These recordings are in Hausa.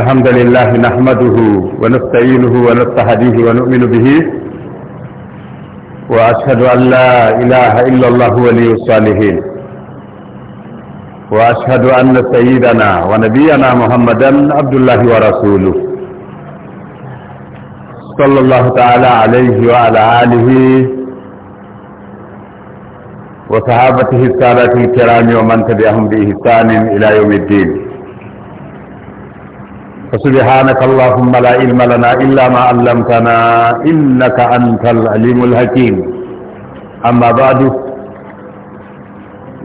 الحمد لله نحمده ونستعينه ونستهديه ونؤمن به وأشهد أن لا إله إلا الله ولي الصالحين وأشهد أن سيدنا ونبينا محمدا عبد الله ورسوله صلى الله تعالى عليه وعلى آله وصحابته السادات الكرام ومن تبعهم بإحسان إلى يوم الدين فسبحانك اللهم لا علم لنا إلا ما علمتنا إنك أنت العليم الحكيم أما بعد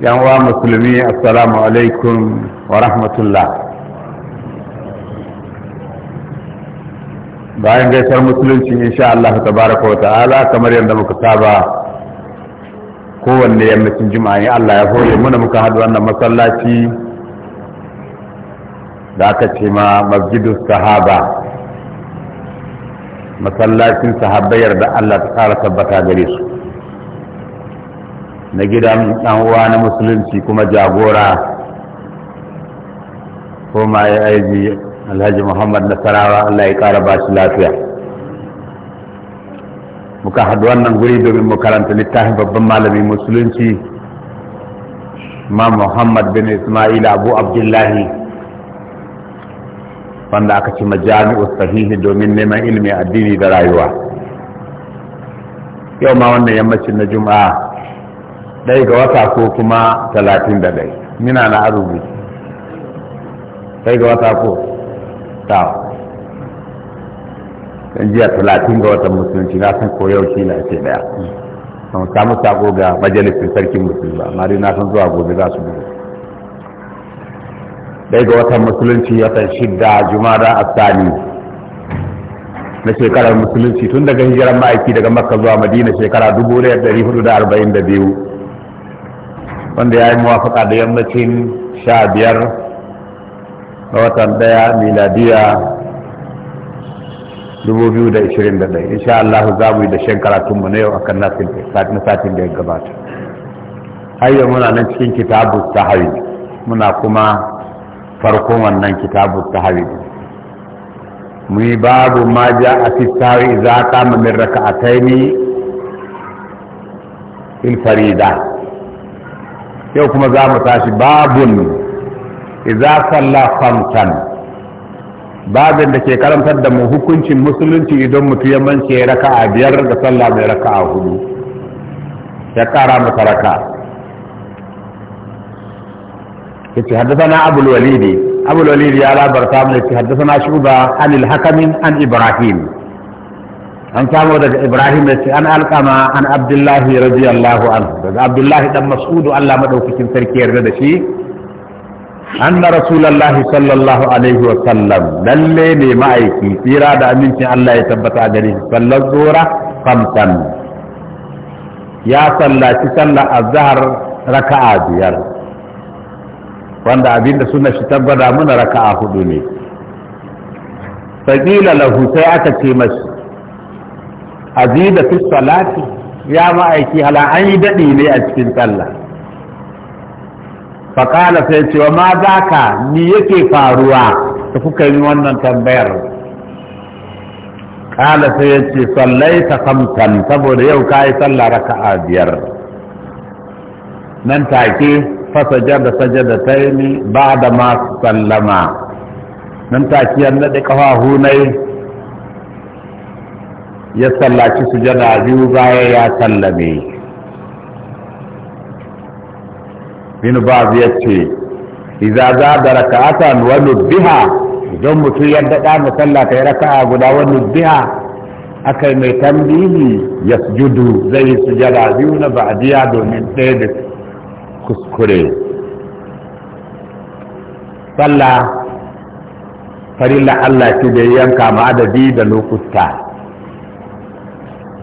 يا مسلمي السلام عليكم ورحمة الله bayan gaisar musulunci insha Allah tabaraka wa ta'ala kamar yadda muka saba kowanne yammacin juma'a Allah ya hore muna muka haɗu wannan masallaci da aka ce ma masjidu sahaba masallacin sahabbayar da Allah ta ƙara tabbata gare su na gidan ɗan uwa na musulunci kuma jagora ko ma ya aiki alhaji muhammad nasarawa Allah ya ƙara ba shi lafiya muka haɗu wannan guri domin mu karanta littafin babban malamin musulunci ma muhammad bin ismail abu abdullahi wanda aka ci majami'u sahihi domin neman ilimin addini da rayuwa yau ma wannan yammacin na juma'a ɗaya ga wata ko kuma talatin da ɗai mina na arubi ɗaya ga wata ko ta ɗan jiya talatin ga watan musulunci na san koyau shi na ce ɗaya Kamar samu sako ga majalisin sarkin musulma amma dai na san zuwa gobe za su gudu Daga ga watan musulunci watan shidda jumada asali na shekarar musulunci tun daga hijiran ma'aiki daga makka zuwa madina shekara 1442 wanda ya yi muwafaka da yammacin sha biyar na watan ɗaya miladiya 2021 insha Allah za mu yi da shan karatunmu na yau kan na satin da ya gabata hayyar muna nan cikin kitabu sahawi muna kuma farkon wannan kitabu tahawi mu yi babu ma ja a fitawi za a kama raka a taimi ilfarida yau kuma za mu tashi babun idza salla khamsan babin da ke karantar da mu hukuncin musulunci idan mutum ya raka a biyar da sallah mai raka a hudu ya kara masa raka yace haddathana abul walid abul ya labarta mu yace haddathana shuba an al an ibrahim an samu daga ibrahim yace an alqama an abdullah radiyallahu anhu daga abdullah dan mas'ud Allah madaukakin sarki yarda da shi anna rasulullahi sallallahu alaihi wa sallam lalle ne ma'aiki tsira da amincin Allah ya tabbata a gare shi sallar zuwa ya sallaci sallar azhar raka'a biyar wanda abinda suna shi tabbata raka raka'a hudu ne faƙila lahu sai aka ce masu. azida fi salati ya ma'aiki hala an yi daɗi ne a cikin sallah faƙala sai ce wa ma za ka ni yake faruwa da kuka yi wannan tambayar Ƙala sai ya ce sallai ta kamtan saboda yau ka yi sallah raka'a biyar nan take فسجد سجدتين بعدما sallama, nan take ya nade kafahu hunai, ya sallaci sujada biyu baya ya sallame bin ba ya ce idza da raka'atan wa nubbiha idan mutum ya da na sallah kai raka'a guda wa nubbiha akai mai ya yasjudu zai sujada biyu na ba'diya domin ɗaya da kuskure sallah farilla Allah ce da yanka ma adadi da lokuta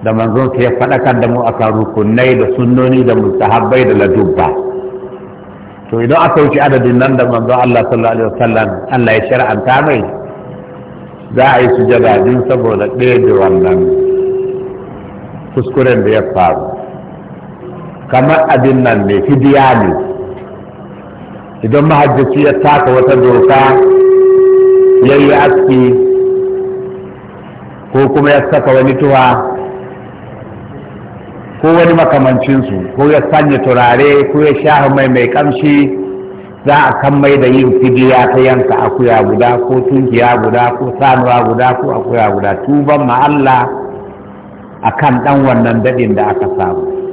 da manzon ya faɗakar da mu akan rukunai da sunnoni da mustahabbai da ladubba to idan aka wuce adadin nan da manzon Allah sallallahu alaihi wasallam Allah ya shar'anta mai za a yi sujada din saboda ɗaya da wannan kuskuren da ya faru kamar abin nan ne fidiya ne idan mahajjaci ya taka wata doka ya yi aski ko kuma ya saka wani tuwa ko wani makamancinsu ko ya sanya turare ko ya sha mai mai kamshi za a kan mai da yin fidiya ta yanka akuya guda ko tunkiya guda ko sanuwa guda ko akuya guda tuban ma'alla a kan ɗan wannan daɗin da aka samu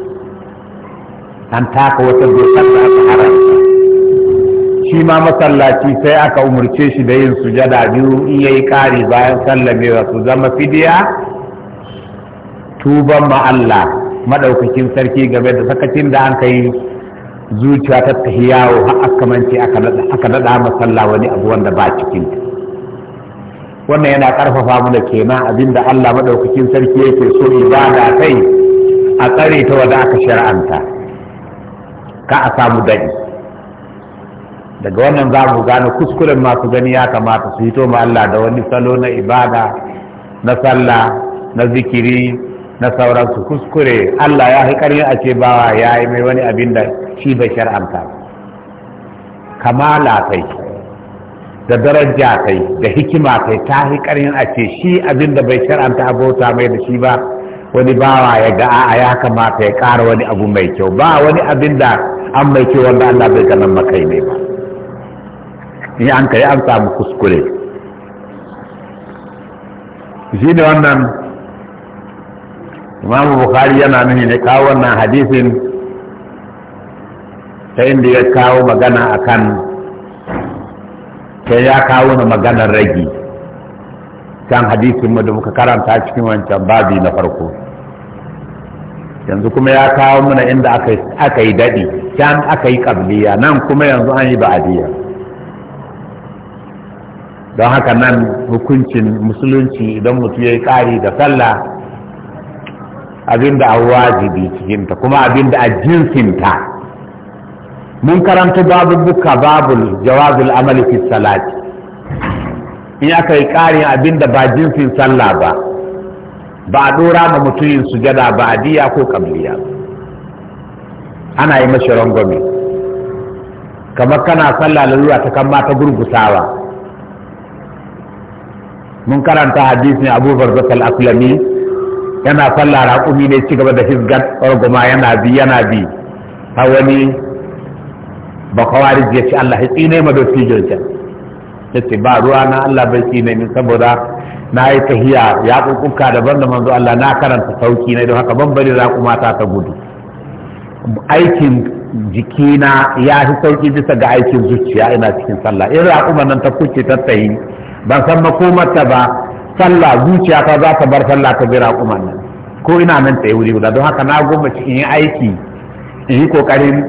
an taka wata dokar da aka haramta shi ma masallaci sai aka umarce shi da yin sujada biyu in yayi kari bayan sallamewa su zama fidiya tuban ma Allah madaukakin sarki game da sakacin da an kai zuciya ta tahiyawo har aka mance aka nada masalla wani abu wanda ba cikin wannan yana karfafa mu da kenan abinda Allah madaukakin sarki yake so ibada kai a tsare ta wanda aka shar'anta ka a samu daɗi daga wannan za mu gano kuskuren masu gani ya kamata su hito ma Allah da wani salo na ibada na sallah na zikiri na sauransu kuskure Allah ya fi ƙarfin a ce bawa ya yi mai wani abin da shi bai shar'anta kamala kai da daraja kai da hikima kai ta fi ƙarfin a ce shi abin da bai shar'anta abota mai da shi ba wani bawa ya ga a ya kamata ya kara wani abu mai kyau ba wani abin da an mai kyau wanda Allah bai ganin makai ne ba in an kai an samu kuskure shi ne wannan imamu bukhari yana nuni ne kawo wannan hadisin ta inda ya kawo magana akan kan ya kawo na maganar ragi can hadisin mu da muka karanta cikin wancan babi na farko yanzu kuma ya kawo muna inda aka yi daɗi can aka yi ƙabliya nan kuma yanzu an yi ba'adiyya don haka nan hukuncin musulunci idan mutum ya yi ƙari da sallah abinda an wajibi cikinta kuma abinda a jinsinta mun karanta babu buka babul jawabul amali fi salati in aka yi ƙarin abin da ba jinsin sallah ba ba a ɗora ma mutumin sujada ba a diya ko kabliya ana yi mashi rangwame kamar kana sallah lalura ta kan mata gurgusawa mun karanta hadisin abubuwar zakal aslami yana sallah raƙumi ne ci gaba da hisgar argama yana bi yana bi har wani bakawari ya ce Allah ya tsine ma jirgin ta ba ruwa na Allah bai ci ne saboda na yi tahiya ya kukuka daban da manzo Allah na karanta sauki na don haka ban bari za kuma ta ta gudu aikin jikina ya fi sauki bisa ga aikin zuciya ina cikin sallah in kuma nan ta kuce ta tsayi ban san makomarta ba sallah zuciya ta za ta bar sallah ta bi kuma nan ko ina nan tsaye wuri guda don haka na goma cikin yin aiki in yi ƙoƙarin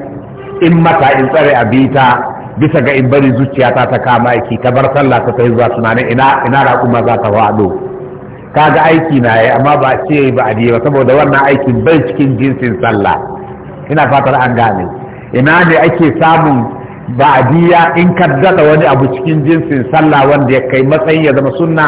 in mata in tsare a bita. bisa ga in bari zuciyata ta kama aiki ta bar sallah ta kai zuwa tunanin ina ina raƙuma za ta faɗo kaga aiki na yayi amma ba ce ba a ba saboda wannan aikin bai cikin jinsin sallah ina fatar an gane ina ne ake samun ba adiya in ka wani abu cikin jinsin sallah wanda ya kai matsayin ya zama sunna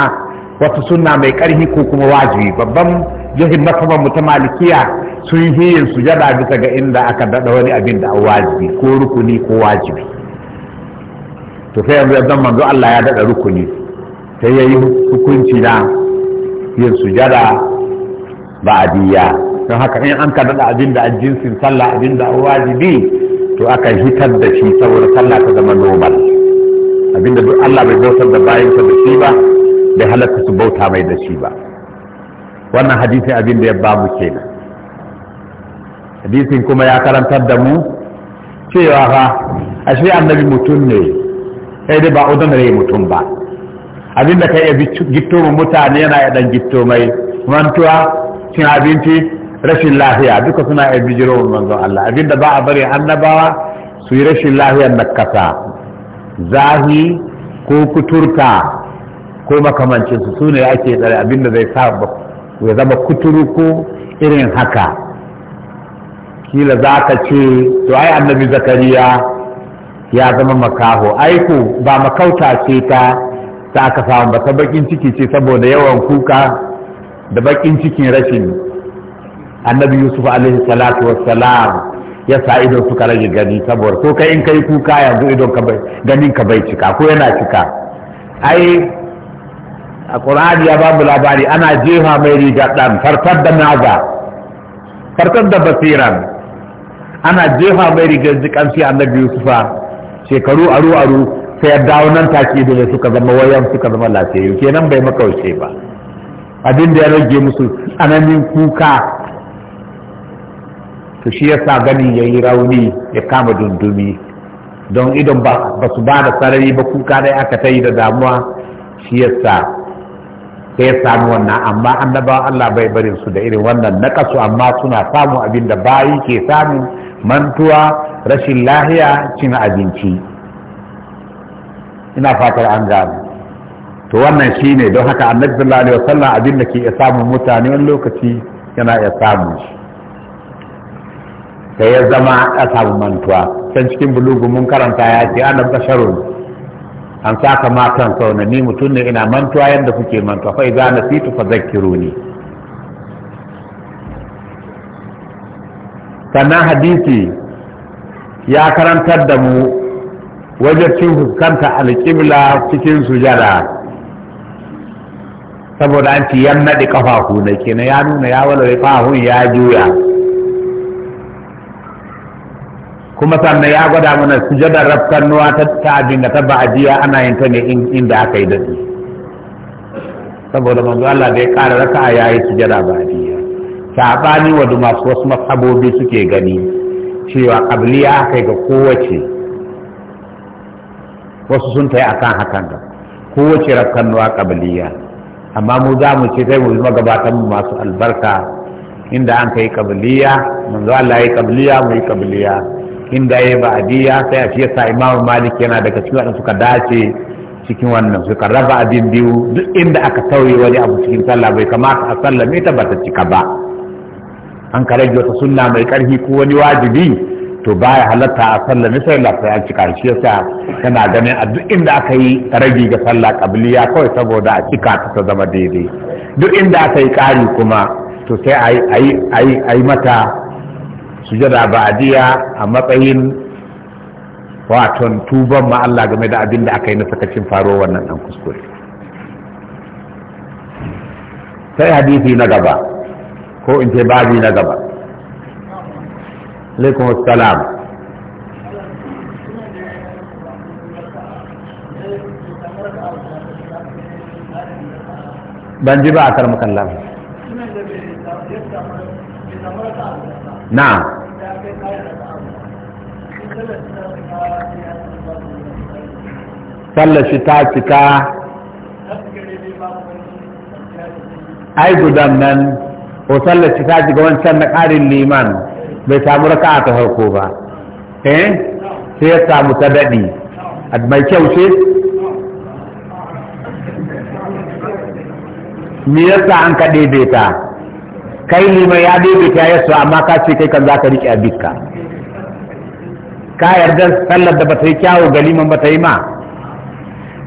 wata sunna mai ƙarfi ko kuma wajibi babban jihin masaban mu ta malikiya sun yi yin sujada bisa ga inda aka daɗa wani abin da wajibi ko rukuni ko wajibi to sai yanzu yanzu manzo Allah ya daɗa rukuni sai ya yi hukunci na yin sujada biya don haka in an ka daɗa abin da jinsin sallah abin da wajibi to aka hitar da shi saboda sallah ta zama normal abinda duk Allah bai bautar da bayansa da shi ba bai halatta su bauta mai da shi ba wannan hadisin abin da ya babu kenan hadisin kuma ya karantar da mu cewa fa ashe annabi mutum ne sai dai ba rai mutum ba abin da ka iya gitto mu mutane yana ya dan gitto mai mantuwa cin abinci rashin lafiya duka suna iya bijiro manzon Allah abin da ba a bari annabawa su yi rashin lafiyar nakasa zahi ko kuturta ko makamancinsu su ne ake tsare abin da zai sa ya zama kuturu ko irin haka kila za ka ce to ai annabi zakariya ya zama makaho aiko ba makauta ce ta ta aka samu ba ta bakin ciki ce saboda yawan kuka da bakin cikin rashin annabi yusuf alaihi salatu wassalam ya sa idon suka rage gani saboda ko kai in kai kuka yanzu idon ka bai ganin ka bai cika ko yana cika ai a qur'ani ya babu labari ana jefa mai riga dan farfar da naza farfar da basiran ana jefa mai riga jikan shi annabi yusufa shekaru aru aru sai ya dawo nan take da suka zama wayan suka zama lafiya kenan bai makaushe ba abin da ya rage musu tsananin kuka to shi yasa gani ya yi rauni ya kama dundumi don idan ba su ba da sarari ba kuka dai aka ta yi da damuwa shi yasa sai ya samu wannan amma annabawan Allah bai barin su da irin wannan nakasu amma suna samun abin da bayi ke samun mantuwa rashin lahiya cin abinci ina fatar an gano to wannan shi ne don haka annabi sallallahu alaihi wasallam abin da ke iya samun mutane wani lokaci yana iya samun shi sai ya zama a samu mantuwa can cikin bulugu mun karanta ya ce ana basharun an saka ma kan sauna ni mutum ne ina mantuwa yadda kuke mantuwa fa idza nasitu sannan hadisi ya karantar da mu wajen cin fuskanta alƙibla cikin sujada saboda an ci yan naɗi ƙafafu na ya nuna ya walwale fahun ya juya kuma sannan ya gwada mana sujadar nuwa ta tabin da ta ba'ajiya ana yin ta ne inda aka yi daɗi saboda manzo Allah da ya ƙara raka a yayi sujada ba'ajiya saɓani wa masu wasu masabobi suke gani cewa qabliya aka ga kowace wasu sun ta yi a akan hakan da kowace rakannuwa qabliya amma mu za mu ce sai mu zama gabatan mu masu albarka inda an ka yi kai mun zo Allah ya qabliya mu yi qabliya inda ya yi ba'adiyya sai a fiye sa Imam Malik yana daga cikin wadanda suka dace cikin wannan suka raba abin biyu duk inda aka tauye wani abu cikin sallah bai kamata a sallame ta ba ta cika ba an ka rage wata sunna mai karfi ko wani wajibi to baya halatta a sallar misali sai an cika shi yasa tana ganin a duk inda aka yi ragi ga sallah kabiliya kawai saboda a cika ta ta zama daidai duk inda aka yi kari kuma to sai a yi mata sujada ba'diya a matsayin waton tuban ma Allah game da abin da aka yi na sakacin faro wannan dan kuskure sai hadisi na gaba ko in ce babi na gaba alaikum assalam ban ji ba a kar lafi na sallar shi ta cika ai gudan nan ko sallaci ta shiga wancan na ƙarin liman bai samu raka ta farko ba eh sai ya samu ta daɗi mai kyau ce me yasa an ka daidaita kai liman ya daidaita ya so amma ka ce kai kan za ka riƙe abinka ka yarda sallar da ba ta yi kyawu ga liman ta yi ma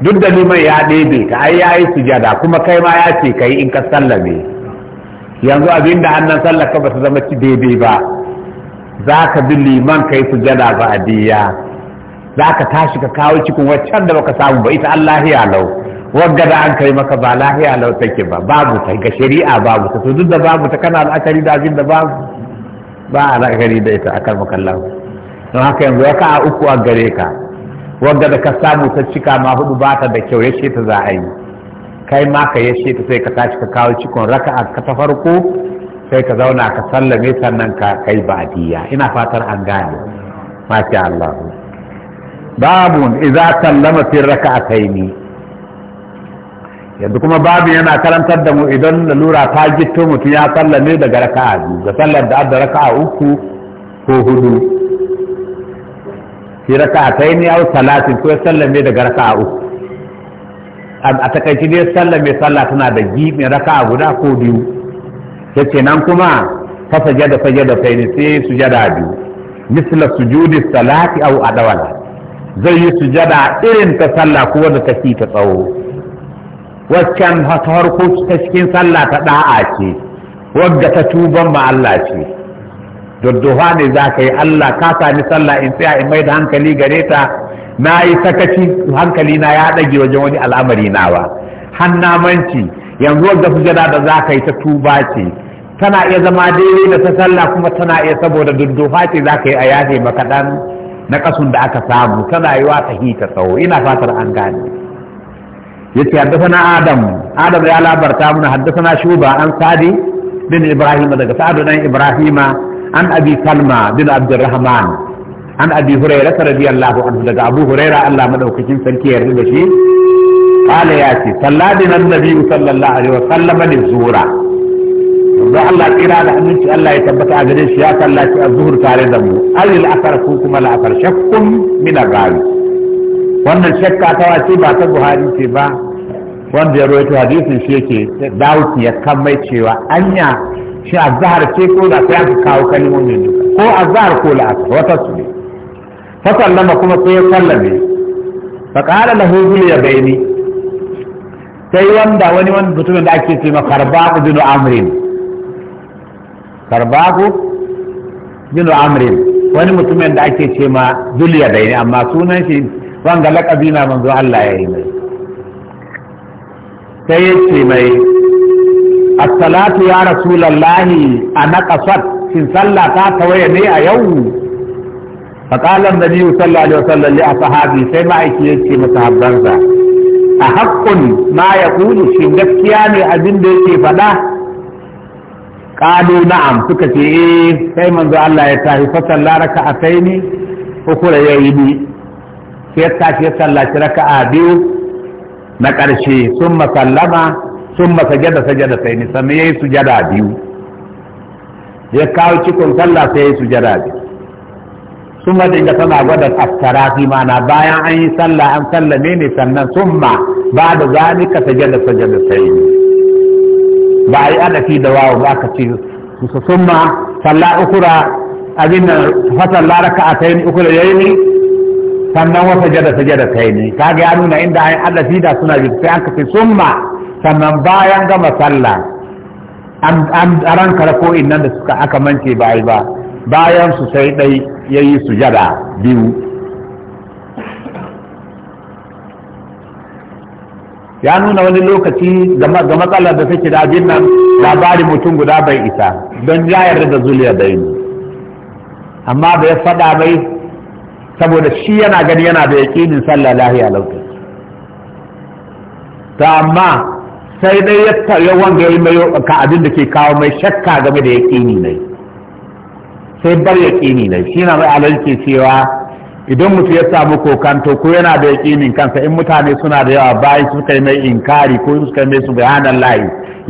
duk da liman ya daidaita ai ya yi sujada kuma kai ma ya ce kai in ka sallame yanzu abin da annan sallaka ba su zama ci daidai ba za ka bi liman kai jada ba adiya za ka tashi ka kawo cikin waccan da baka samu ba ita Allah ya lau wagga da an kai maka ba lahiya lau take ba babu ta ga shari'a babu ta to duk da babu ta kana al'akari da abin da babu ba a al'akari da ita akan makallahu don haka yanzu ya ka uku a gare ka wagga da ka samu ta cika ma hudu ba ta da kyau ya ce ta za a yi kai ma ka yashe ta sai ka tashi ka kawo cikon raka a ka ta farko sai ka zauna ka sallame sannan ka kai badiya ina fatar an gane mashi Allah babu idza sallama fi raka'ataini yanzu kuma babu yana karantar da mu idan lura ta gitto mutum ya sallame daga raka'a biyu ga sallar da adda raka'a uku ko hudu fi raka'a aw yi au talatin ko ya sallame daga raka'a uku a takaici dai sallah mai sallah tana da gibin raka guda ko biyu ce nan kuma fa saje da sai ne sai jada biyu misla sujudi salati a adawala zai yi su jada irin ta sallah ko da fi ta tsawo waccan harko ta cikin sallah ta da'a ce wadda ta tuban ma Allah ce doddowa ne za ka yi Allah ka sami sallah in tsaya in mai da hankali gare ta na yi sakaci hankali na ya dage wajen wani al'amari nawa hannamanci yanzu wanda sujada da za ka yi ta tuba ce tana iya zama daidai da ta sallah kuma tana iya saboda dundufa ce za ka yi a yafe maka dan na ƙasun da aka samu tana yi wa ta hita tsawo ina fatar an gane yace haddathana adam adam ya labarta muna na shuba an sadi bin ibrahim daga sa'adu dan ibrahima an abi salma bin abdurrahman an abi huraira radiyallahu anhu daga abu huraira Allah madaukakin sarki ya yarda da shi qala ya ce salladina annabi sallallahu alaihi wa sallama li zuhra da Allah kira da aminci Allah ya tabbata a gare shi ya a zuhur tare da mu alil asar ko kuma la asar shakkun min agari wannan shakka ta wace ba ta Buhari ce ba wanda ya rawaito hadisin shi yake dawuti ya kammai cewa anya shi ce ko da kawo ko ko wata su ne fa sallama kuma sai ya sallame fa qala lahu bil yabaini sai wanda wani wani mutumin da ake cewa karbaqu bin amrin karbaqu bin amrin wani mutumin da ake cewa bil yabaini amma sunan shi wanga laqabi na manzo Allah ya yi mai sai ya ce mai as-salatu ya rasulullahi ana qasat shin sallata ta tawaye ne a yau فقال النبي صلى الله عليه وسلم لأصحابي سيما يكي متحبرزا أحق ما يقول شن gaskiya abin da yake faɗa قالوا na'am suka ce eh sai manzo Allah ya tafi fa sallah raka'ataini ukura yayi bi sai ya tafi ya sallaci raka'a biyu na ƙarshe summa sallama summa sajada sajada sai ni sannan yayi biyu ya kawo cikon sallah sai biyu summa dinga tana gwada attarafi mana bayan an yi sallah an sallame ne sannan summa ba da zalika sajada sajada sai ba ai adafi da wawo ba ka ce summa sallah ukura abin da nan fasalla raka'atayn ukura ne sannan jada sajada yi ne kaga ya nuna inda ai adafi da suna bi sai an ka ce summa sannan bayan gama sallah an ranka ko nan da suka aka mance ba ba bayan su sai dai ya yi sujada biyu ya nuna wani lokaci ga matsalar da take da abin nan labarin mutum guda bai isa don ya yarda da zuliya da yi amma da ya faɗa mai saboda shi yana gani yana da yaƙinin sallah lahiya lauta ta amma sai dai ya wanga ya yi mai ka abin da ke kawo mai shakka game da yaƙini mai. sai bar kini ne shi na mai alalci cewa idan mutum ya samu kokanto ko yana da yaƙinin kansa in mutane suna da yawa bayan suka yi mai inkari ko suka yi mai su bayanan layi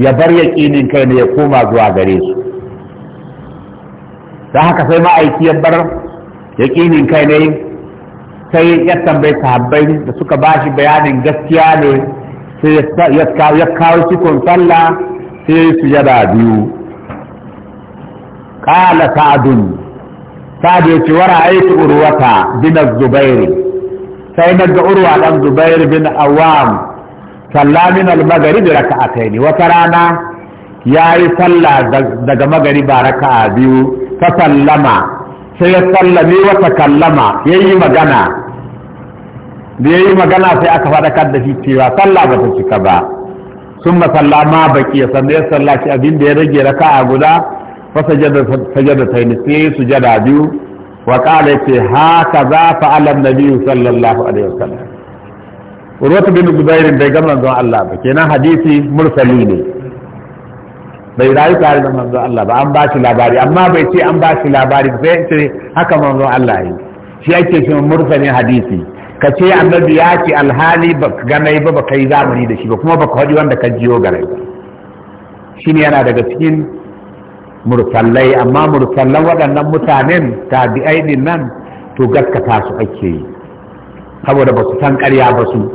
ya bar yaƙinin kai ne ya koma zuwa gare su da haka sai ma'aiki ya bar yaƙinin kai ne sai ya tambayi sahabbai da suka ba shi bayanin gaskiya ne sai ya kawo cikon sallah sai su yada biyu qala sa'dun sa'd yace wa ra'aytu urwata bin az-zubair sai naga urwa dan zubair bin awam salla min al-maghrib raka'atayn wa tarana yayi salla daga magriba raka'a biyu fa sallama sai ya sallame wa takallama yayi magana da yayi magana sai aka faɗakar da shi cewa sallah bata cika ba sun masalla ma baki ya sallaci abin da ya rage raka'a guda fa sajada sajada tayni sai sujada biyu wa qala ce haka za fa alam nabiyyu sallallahu alaihi wasallam urwatu bin zubair bai gama manzon Allah ba kenan hadisi mursali ne bai rayu tare da manzon Allah ba an ba shi labari amma bai ce an ba shi labari sai ce haka manzon Allah yi shi ake cewa mursali hadisi ka ce annabi ya ce alhali ba ganai ba ba kai zamani da shi ba kuma ba ka wanda ka jiyo ganai ba shine yana daga cikin Mursallai amma mursallan waɗannan mutanen tabi'ai din nan to gaskata su ake yi saboda ba su san ƙarya ba su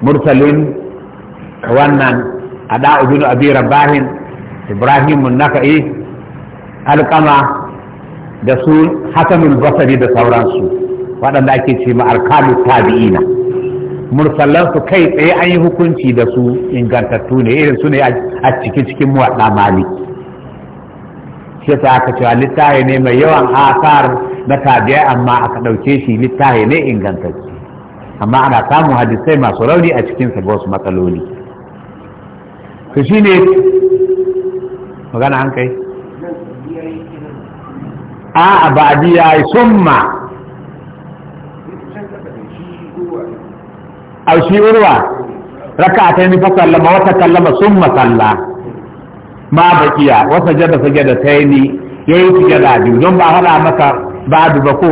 Mursallin wannan ada ubinu abi rabahin ibrahim naka'i alkama da su hasanul basari da sauransu waɗanda ake ce ma Alkalu tabi'ina mursallan su kai tsaye an yi hukunci da su ingantattu ne irin su ne a cikin cikin muwaɗa maliki shi ta aka cewa littafi ne mai yawan asar na tabiya amma aka ɗauke shi littafi ne ingantacce amma ana samun hadisai masu rauni a cikin sa wasu matsaloli to ne magana an kai a abadiya summa a shi urwa raka ta ni fa sallama wata kallama sallama summa sallah ma bakiya wa sajada sajada ya yayi suke biyu don ba hada ba da ba ko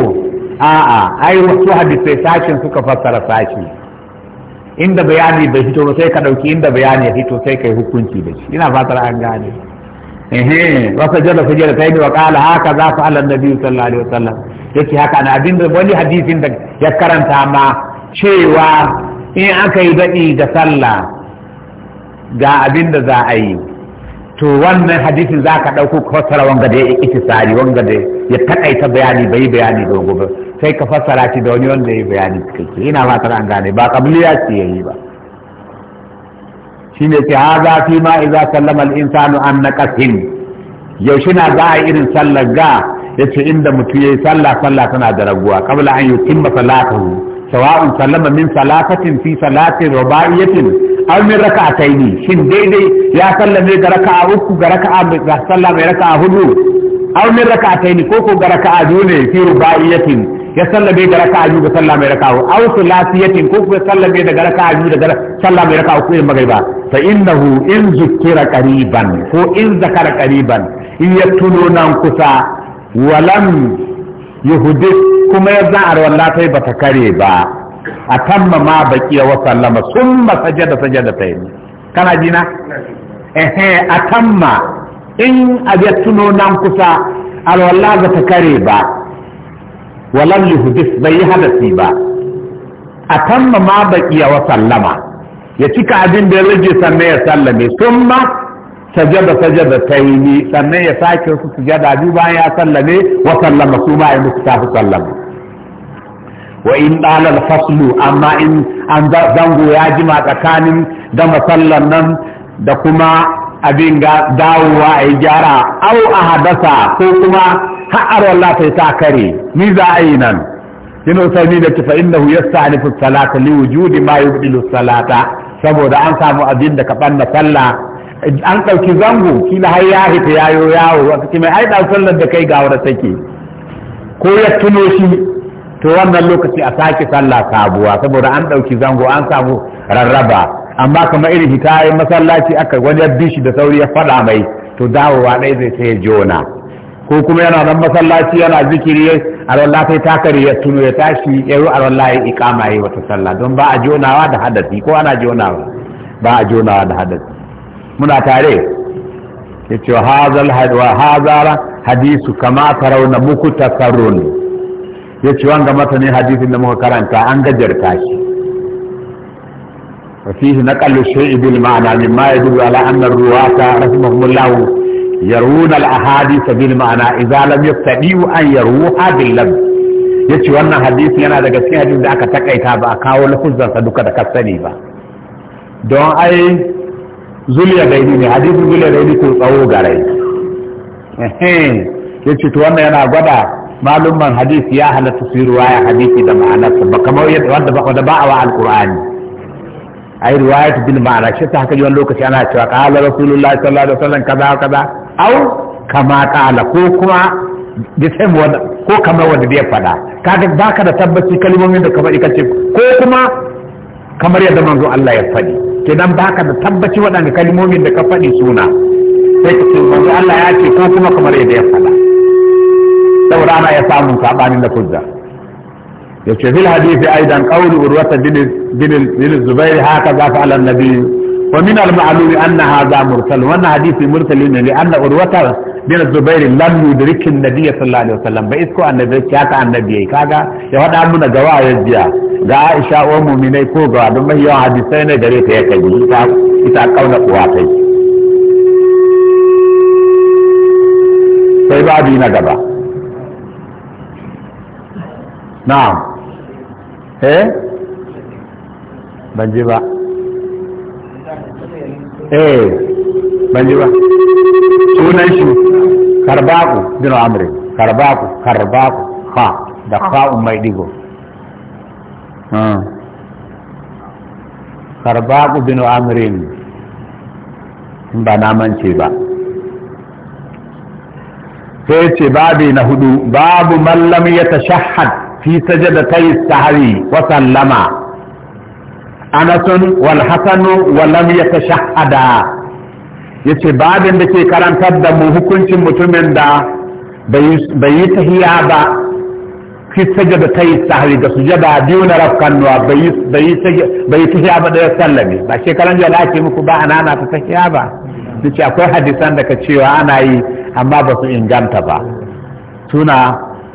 a'a ai wasu hadisai sashin suka fassara sashi inda bayani bai fito ba sai ka dauki inda bayani ya fito sai kai hukunci da shi ina fatar an gane ehe wa sajada sajada ni wa kala haka za ku ala nabi sallallahu alaihi wasallam yake haka na da wani hadisin da ya karanta ma cewa in aka yi daɗi ga sallah ga abin da za a yi to wannan hadisin za ka ɗauko ka fassara wanga da ya itisari wanga da ya taƙaita bayani bai bayani dogo ba sai ka fassara shi da wani wanda ya bayani cikakke ina fatar an gane ba kabiliya ce yi ba shine ce za fi ma iza sallama al'insanu an an ƙasin yaushe na za a irin sallar ga ce inda mutum yi sallah sallah tana da raguwa qabla an yutimma salatahu sawa'un sallama min salatin fi salatin ruba'iyatin aw min raka'ataini shin daidai ya sallame ga raka'a uku ga raka'a ga sallah mai raka'a hudu aw min raka'ataini ko ko ga raka'a biyu ne fi rubaiyatin ya sallame ga raka'a biyu ga sallah mai raka'a aw sulasiyatin ko ko ya sallame daga raka'a biyu da sallah mai raka'a uku magai ba fa innahu in zukira qariban ko in zakara qariban in ya tuno nan kusa walam yuhdith kuma ya za'ar wallahi ta kare ba A tamma ma baqiya wa sallama summa sajada sajada ta tayni kana jina ehe tamma in a aje tuno nan kusa alwala ba ta kare ba walam lihudis bai yi hadasi ba A tamma ma baqiya wa sallama ya cika abin da ya rage sannan ya sallame summa sajada sajada ta tayni sannan ya sake su sujada biyu bayan ya sallame wa sallama su ma ya musu tafi sallama wa in dalal faslu amma in an zango ya jima tsakanin da masallan nan da kuma abin ga dawowa a yi gyara au a hadasa ko kuma har wallah ta ta kare ni za a yi nan yin usarni da kifa inda hu yasta ni salata li wujudi ma yubdilu salata saboda an samu abin da ka na sallah an ɗauki zango kila har ya hita yayo yawo a cikin mai ɗan sallar da kai ga wadda take ko ya tuno shi to wannan lokaci a sake sallah sabuwa saboda an ɗauki zango an samu rarraba amma kamar irin hita masallaci aka wani ya bi shi da sauri ya faɗa mai to dawowa ɗaya zai sai ya jona ko kuma yana nan masallaci yana zikiri a ralla sai takari ya tuno ya tashi ya yi a ralla ya ikama yi wata sallah don ba a jonawa da hadasi ko ana jonawa ba a jonawa da hadasi muna tare ya ce wa hazal hadisu kama tarauna muku tasarrun ya ce wanga mata ne hadisin da muka karanta an gajar shi wa fihi naqal shay'in bil ma'na mimma yadullu ala anna ar-ruwata rahimahumullah yaruna al-ahadith bil ma'na idza lam yaftadiu an yaruha hadin lam yace wannan hadisi yana daga cikin hadisin da aka takaita ba a kawo lafuzan sa duka da kasani ba don ai zuliya gaini ne hadisi zuliya da ko tsawo garai ehe yace to wannan yana gwada malumman hadisi ya halatta su ruwaya hadisi da ma'anarsa ba kamar yadda wanda ba da ba'a wa yi ruwaya ta bin ma'ana shi ta haka wani lokaci ana cewa ƙala rasulullahi sallallahu alaihi wasallam kaza kaza au kama ƙala ko kuma da same wanda ko kamar wanda da ya faɗa kaga baka da tabbaci kalmomin da kamar kace ko kuma kamar yadda manzo Allah ya faɗi kenan baka da tabbaci waɗanda kalmomin da ka faɗi suna sai ka ce manzo Allah ya ce ko kuma kamar yadda ya faɗa لو رانا يسام سابان لكوزا يتشي في الحديث ايضا قول عروة بن الزبير هكذا فعل النبي ومن المعلوم ان هذا مرسل وان حديث مرسل لان عروة بن الزبير لم يدرك النبي صلى الله عليه وسلم بإذكو أن ذلك كاتا النبي كاتا يوانا أمنا جواء يجيا عائشة أم من يكوغا دم هي حديثين جريت يكي إذا كون قواتي طيب أبينا جبا na'am eh ban ji ba eh ban ji ba sunan shi karbaku bin amri karbaku karbaku ha da fa'un mai digo karbaku bin amrin ba na mance ba sai ce babi na hudu babu mallam ya tashahhad fi sajadatai sahwi wa sallama Anas wal Hasan wa lam yatashahhada yace babin da ke karantar da mu hukuncin mutumin da bai yi tahiya ba fi sajada ta yi da sujada biyu na rafkanuwa bai yi tahiya ba da sallame ba shekaran jiya ake muku ba ana ta tahiya ba nace akwai hadisan da ka cewa ana yi amma ba su inganta ba suna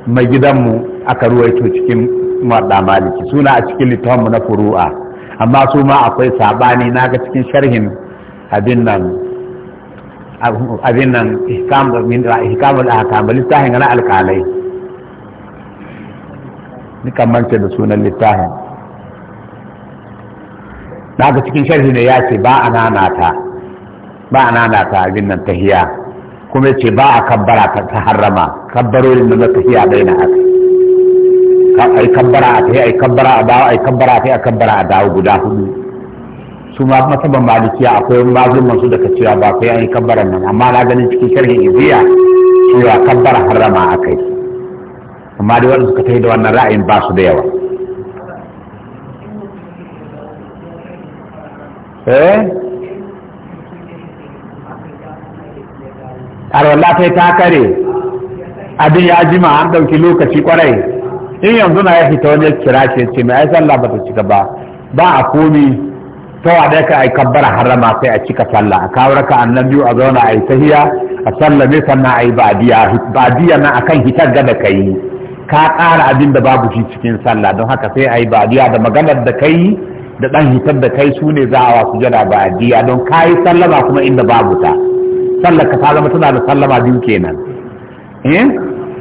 mai gidanmu aka ruwaito cikin muwadda maliki suna a cikin littafinmu na furu'a amma su ma akwai sabani ga cikin sharhin abin nan abin nan ihkamul ahkam littafin na alkalai ni kan da sunan littafin na ga cikin sharhi ne ya ce ba a nanata ba a nanata abin nan tahiya kuma ce ba a kabbara ta harrama kabbarorin da na tafiya bai na haka ai kabbara a tafi ai kabbara a dawo ai kabbara a tafi a kabbara a dawo guda hudu su ma masaban malikiya akwai mazumman su daga cewa ba kai an yi kabbaran nan amma na ganin cikin sharhin ibiya cewa kabbara harrama a kai amma dai wanda suka tafi da wannan ra'ayin ba su da yawa eh arwala sai ta kare abin ya jima an ɗauki lokaci kwarai in yanzu na ya fita wani kira shi ce mai ai sallah ba ta cika ba ba a komi ta ɗaya ka ai kabbara harama sai a cika sallah a kawo raka annan biyu a zauna a yi tahiya a sallame sannan a yi ba'diya ba'diya na kan hitar gada ka yi ka ƙara abin da babu shi cikin sallah don haka sai a yi ba'diya da maganar da ka da ɗan hitar da kai su ne za a wasu jada ba'diya don ka yi sallama kuma inda babu ta sallar ka tana da sallama biyu kenan eh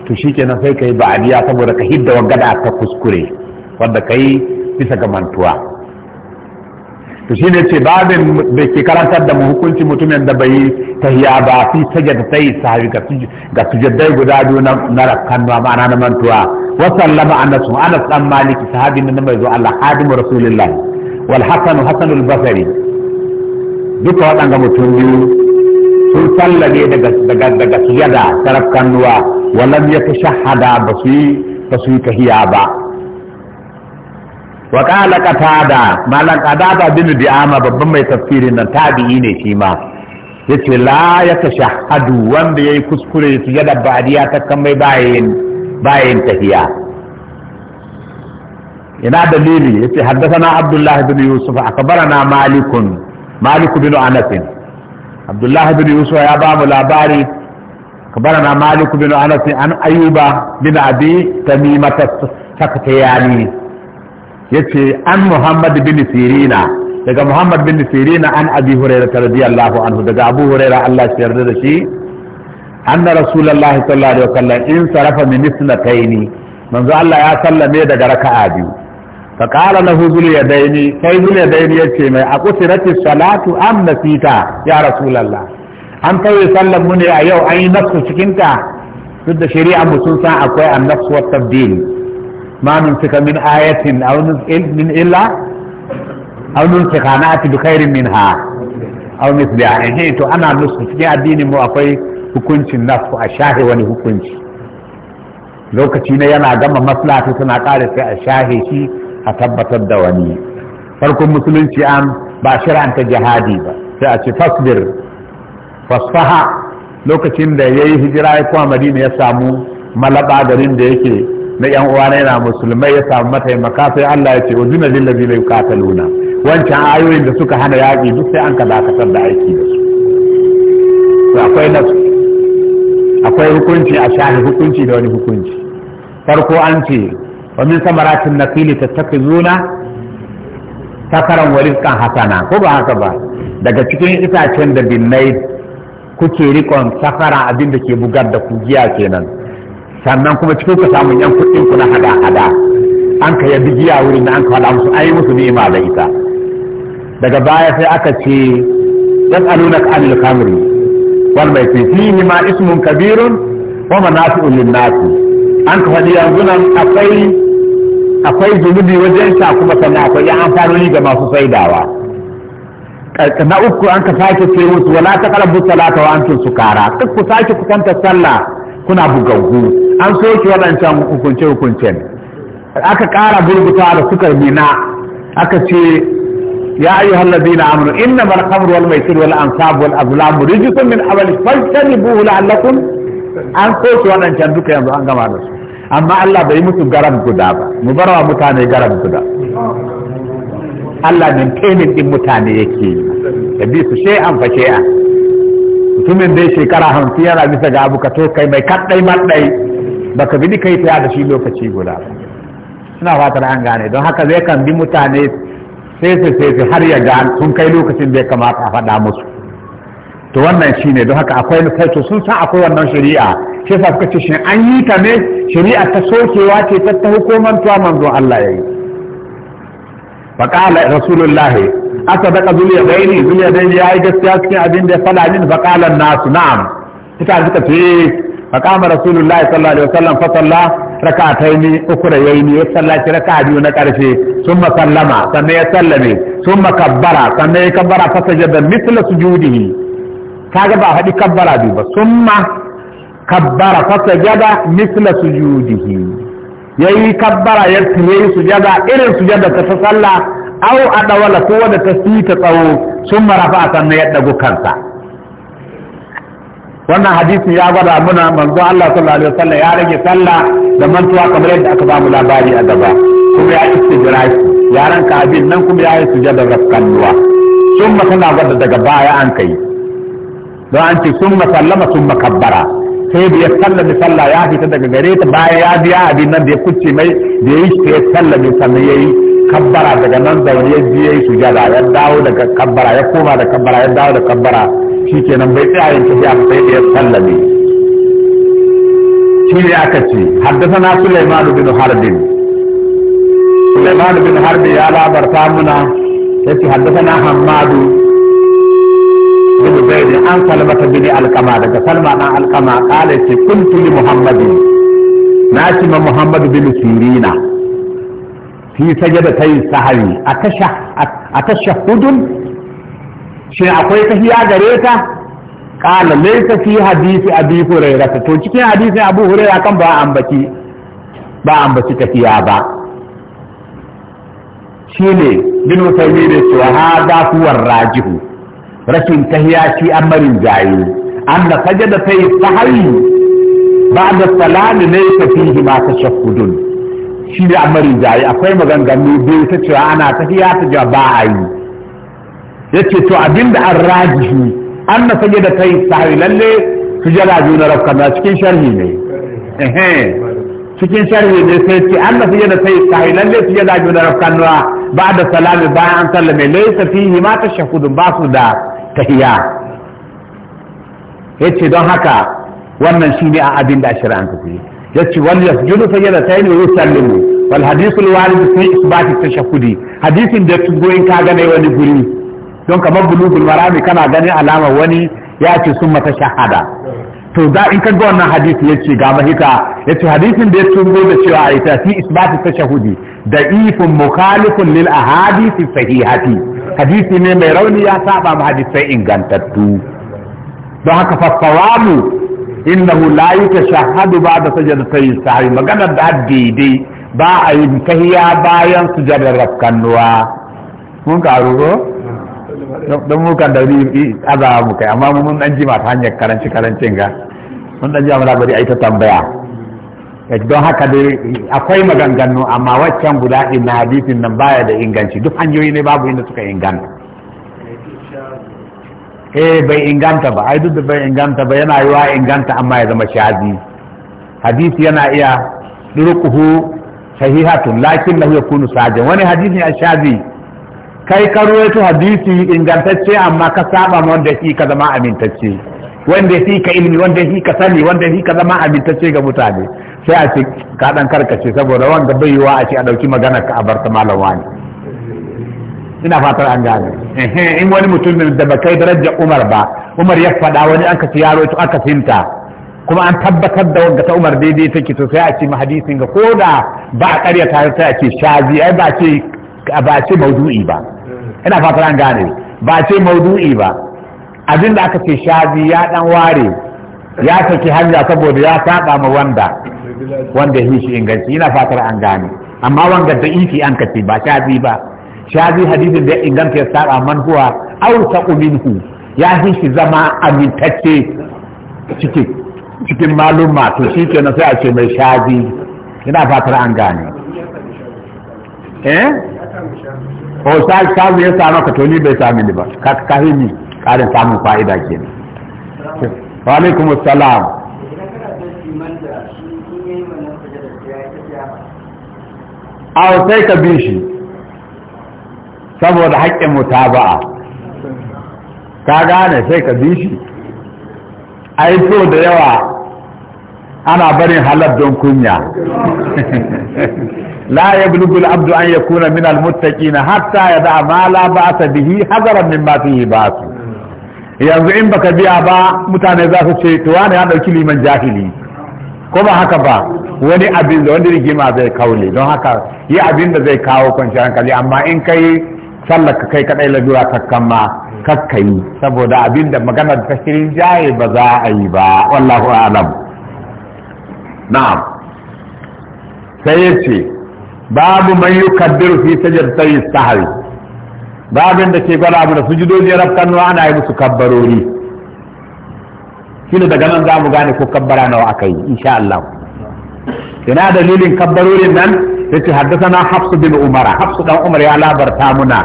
to shikenan sai kai ba'diya saboda ka hidda gada ta kuskure wanda kai bisa ga mantuwa to shi ne ce babin da ke karantar da hukunci mutumin da bai tahiya ba fi sajada ta yi sahabi ga sujadai guda biyu na rakanwa ma'ana na mantuwa wa sallama annasu anas dan maliki sahabi na mai zo Allah hadimu rasulillah wal hasan hasan basri duka waɗanga mutum biyu sallame daga daga sujada tarafkan ruwa walam ya tashahhada ba su yi ba su yi tahiya ba wa qala qatada malan qatada bin di'ama babban mai tafsirin nan tabi'i ne shi ma yace la ya tashahhadu wanda yayi kuskure sujada ba'diya ta kan mai bayin bayin tahiya ina dalili yace haddathana abdullah ibn yusuf akbarana malikun malik bin anas abdullahi bin yusuf ya ba mu labari kabarana malik bin anas an ayuba bin abi tamimata yani yace an muhammad bin sirina daga muhammad bin sirina an abi hurairah radiyallahu anhu daga abu hurairah Allah ya yarda da shi anna rasulullahi sallallahu alaihi wasallam in sarafa min isnataini manzo Allah ya sallame daga raka'a biyu fa qala lahu zul yadaini sai zul yadaini yace mai a kusirati salatu am nasita ya rasulullah an tawaye sallar mu ne a yau an yi nafsu cikinta? duk da shari'a mu sun san akwai an nafsu wa tabdil ma min sika min ayatin aw min illa aw nun sika na ati bi khairin minha aw misliha eh to ana nafsu cikin addinin mu akwai hukuncin nafsu a shahi wani hukunci lokaci ne yana gama maslahatu tana kare sai a shahe shi a tabbatar da wani farkon musulunci an ba shiranta jihadi ba sai a ce fasbir fasfaha lokacin da ya yi hijira ya kuma madina ya samu malaba garin da yake na yan uwana yana musulmai ya samu mataimaka sai Allah ya ce udina lil ladina yuqataluna wancan ayoyin da suka hana yaƙi duk sai an ka dakatar da aiki da su akwai akwai hukunci a shahi hukunci da wani hukunci farko an ce wa min samaratin nakili tattakizuna takaran wa rizqan hasana ko ba haka ba daga cikin itacen da binnai kuke rikon sakara abin da ke bugar da kugiya kenan sannan kuma cikin ku samun yan kuɗin ku na hada hada an ka yabi giya wurin da an ka hada musu ayi musu ni'ima da ita daga baya sai aka ce ka anil kamri wal fi fihi ma ismun kabirun wa manafi'un lin-nas an ka faɗi yanzu nan akwai akwai zunubi wajen sa kuma sannan akwai yan amfanoni ga masu saidawa na uku an ka sake ce musu wala ta karabu salata wa antum sukara duk ku sake kusanta sallah kuna bugaggu an soke waɗancan hukunce hukuncen aka kara gurgutawa da sukar mina aka ce ya ayyuha alladhina amanu innamal khamru wal maisir wal ansab wal azlam rijsun min amali fajtanibuhu la'allakum an soke wadancan duka yanzu an gama da su amma Allah bai musu garan guda ba mu wa mutane garan guda Allah nan tenin din mutane yake yi da bi su she'an fa she'an mutumin dai shekara hamsin yana bisa ga abu ka to kai mai kaɗai maɗai baka bi kai ta da shi lokaci guda ba suna fatar an gane don haka zai kan bi mutane sai su sai har ya gane sun kai lokacin da ya kamata a faɗa musu to wannan shine don haka akwai to sun san akwai wannan shari'a shi yasa suka ce shin an yi ta ne shari'a ta sokewa ce ta ta hukumantuwa manzon Allah yayi faqala rasulullahi asadaka zuliya bayni zuliya bayni yayi gaskiya cikin abin da ya fada min faqala nasu na'am kita suka ce faqama rasulullahi sallallahu alaihi wasallam fa salla rak'atayn ukhrayni ya sallaci raka'a biyu na karshe summa sallama sannan ya sallame summa kabbara sannan ya kabbara fa sajada mithla sujudihi kaga ba hadi kabbara biyu ba summa kabbara fasajada misla ya yi kabbara ya su sujada irin su sujada ta sallah aw adawala ko wanda ta ta tsawo sun marafa sannan ya dago kansa wannan hadisi ya gwada muna manzo Allah sallallahu alaihi wasallam ya rage sallah da mantuwa kamar yadda aka bamu labari a gaba kuma ya yi istidraki yaran ka abin nan kuma ya yi sujada rafkanuwa sun tana gwada daga baya an kai don an ce sun sallama sun kabbara sai da ya sallame sallah ya fita daga gare ta bayan ya biya abin nan da ya kuce mai da ya yi shi ya sallame sannan ya yi kabbara daga nan zaune ya biya ya sujada ya dawo daga kabbara ya koma da kabbara ya dawo da kabbara kenan bai tsaya yin tafiya ba sai da ya sallame shi ne aka ce haddasana Sulaiman bin Harbin Sulaiman bin Harbin ya labarta muna haddasa na Hammadu ibn an salmata bin alqama daga salma dan alqama qala ce kuntu li muhammadin na ci ma muhammad bin sirina fi sajada tayi a atasha hudun shi akwai tafiya gare ta kala laysa fi hadisi abi hurairah to cikin hadisin abu hurairah kan ba ambaci ba ambaci tahiya ba shine bin Utaymi da cewa hada huwa rajihu rashin tahiya shi an marin jaye an da sajada ta yi sahayi ba da salami ne ta fihi ma ta shakkudun shi da an marin jaye akwai maganganu biyu ta cewa ana tahiya ta ja ba a yi yace to abinda an rajihi an na sajada ta yi sahayi lalle su jala biyu na rafkana cikin sharhi ne cikin sharhi ne sai ce an na sajada ta yi sahayi lalle su jala biyu na rafkana ba da salami bayan an sallame laisa fihi ma ta shakkudun ba su da tahiya yace don haka wannan ne a abin da shari'a ta ce yace wal yasjudu sajdatayn wa yusallimu wal hadithu al warid fi isbat ta tashahhudi hadisin da goyin ka gane wani guri don kamar bulugul marami kana ganin alama wani ya ce sun mata shahada to da in ka ga wannan hadisi yace ga mahita yace hadisin da ya tungo da cewa a ita fi isbatu shahudi da ifin mukhalifun lil ahadisi sahihati hadisi ne mai rauni ya saba ma hadisai ingantattu don haka fassawamu innahu la yutashahhadu ba'da sajdatayn sahwi maganar da daidai ba a yi tahiya bayan su rafkanuwa mun karu ko don mukan da azawa mu kai amma mun an jima ta hanyar karanci karancin ga mun ɗan jiya bari a ita tambaya eh, don haka dai akwai maganganu amma waccan guda ina na nan baya da inganci duk hanyoyi ne babu inda suka inganta eh bai inganta ba ai duk da bai inganta ba yana yiwa inganta amma ya zama shazi hadisi yana iya durkuhu sahihatun lakin lahu yakunu sajan wani hadisi a shazi kai ka hadisi ingantacce amma ka saba ma wanda shi ka zama amintacce wanda ya ka ilmi wanda ya ka sani wanda ya ka zama abintacce ga mutane sai a ce ka dan karkace saboda wanda bai yiwa a ce a dauki magana ka a bar ta malam wani ina fatar an gane in wani mutum da ba kai darajar Umar ba Umar ya faɗa wani an ka yaro to aka finta kuma an tabbatar da wanda ta Umar daidai take to sai a ce ma hadisin ga koda ba a ta sai a ce shazi ai ba ce ba ce mawdu'i ba ina fatar an gane ba ce mawdu'i ba abin da aka ce shazi ya dan ware ya saki hanya saboda ya saba ma wanda wanda ya shi inganci ina fatar an gane amma wanga da iki an kace ba shazi ba shazi hadisin da inganta ya saba man huwa aw taqu minhu ya fi shi zama amintacce cikin cikin maluma to shi ke na sai a ce mai shazi ina fatar an gane eh o oh, sai shazi ya samu to ni bai sami ni ba ka ka himi Karin samun fa'ida ke ne wa salam. assalam a sai ka bi shi saboda haƙƙin ta ba'a. ka gane sai ka bi shi ai so da yawa ana barin halar don kunya لا يبلغ العبد أن يكون من المتقين حتى يدع ما لا بأس به حذرا مما فيه بأس yanzu in baka biya ba mutane za su ce to wani ya dauki liman jahili ko ba haka ba wani abin da wani rigima zai kaule don haka yi abin da zai kawo kwanciyar hankali amma in kai sallar ka kai kadai lalura kakkan ma kakkayi saboda abin da maganar ta shirin jaye ba za a yi ba wallahu alam na'am sai ya ce babu man yukaddiru fi sai sahari babin da ke gwada mana sujudoji rafkanuwa ana yi musu kabbarori shine daga nan za mu gane ko kabbara nawa aka yi insha Allah ina dalilin kabbarorin nan yace haddathana hafs bin umara hafs dan umar ya labarta muna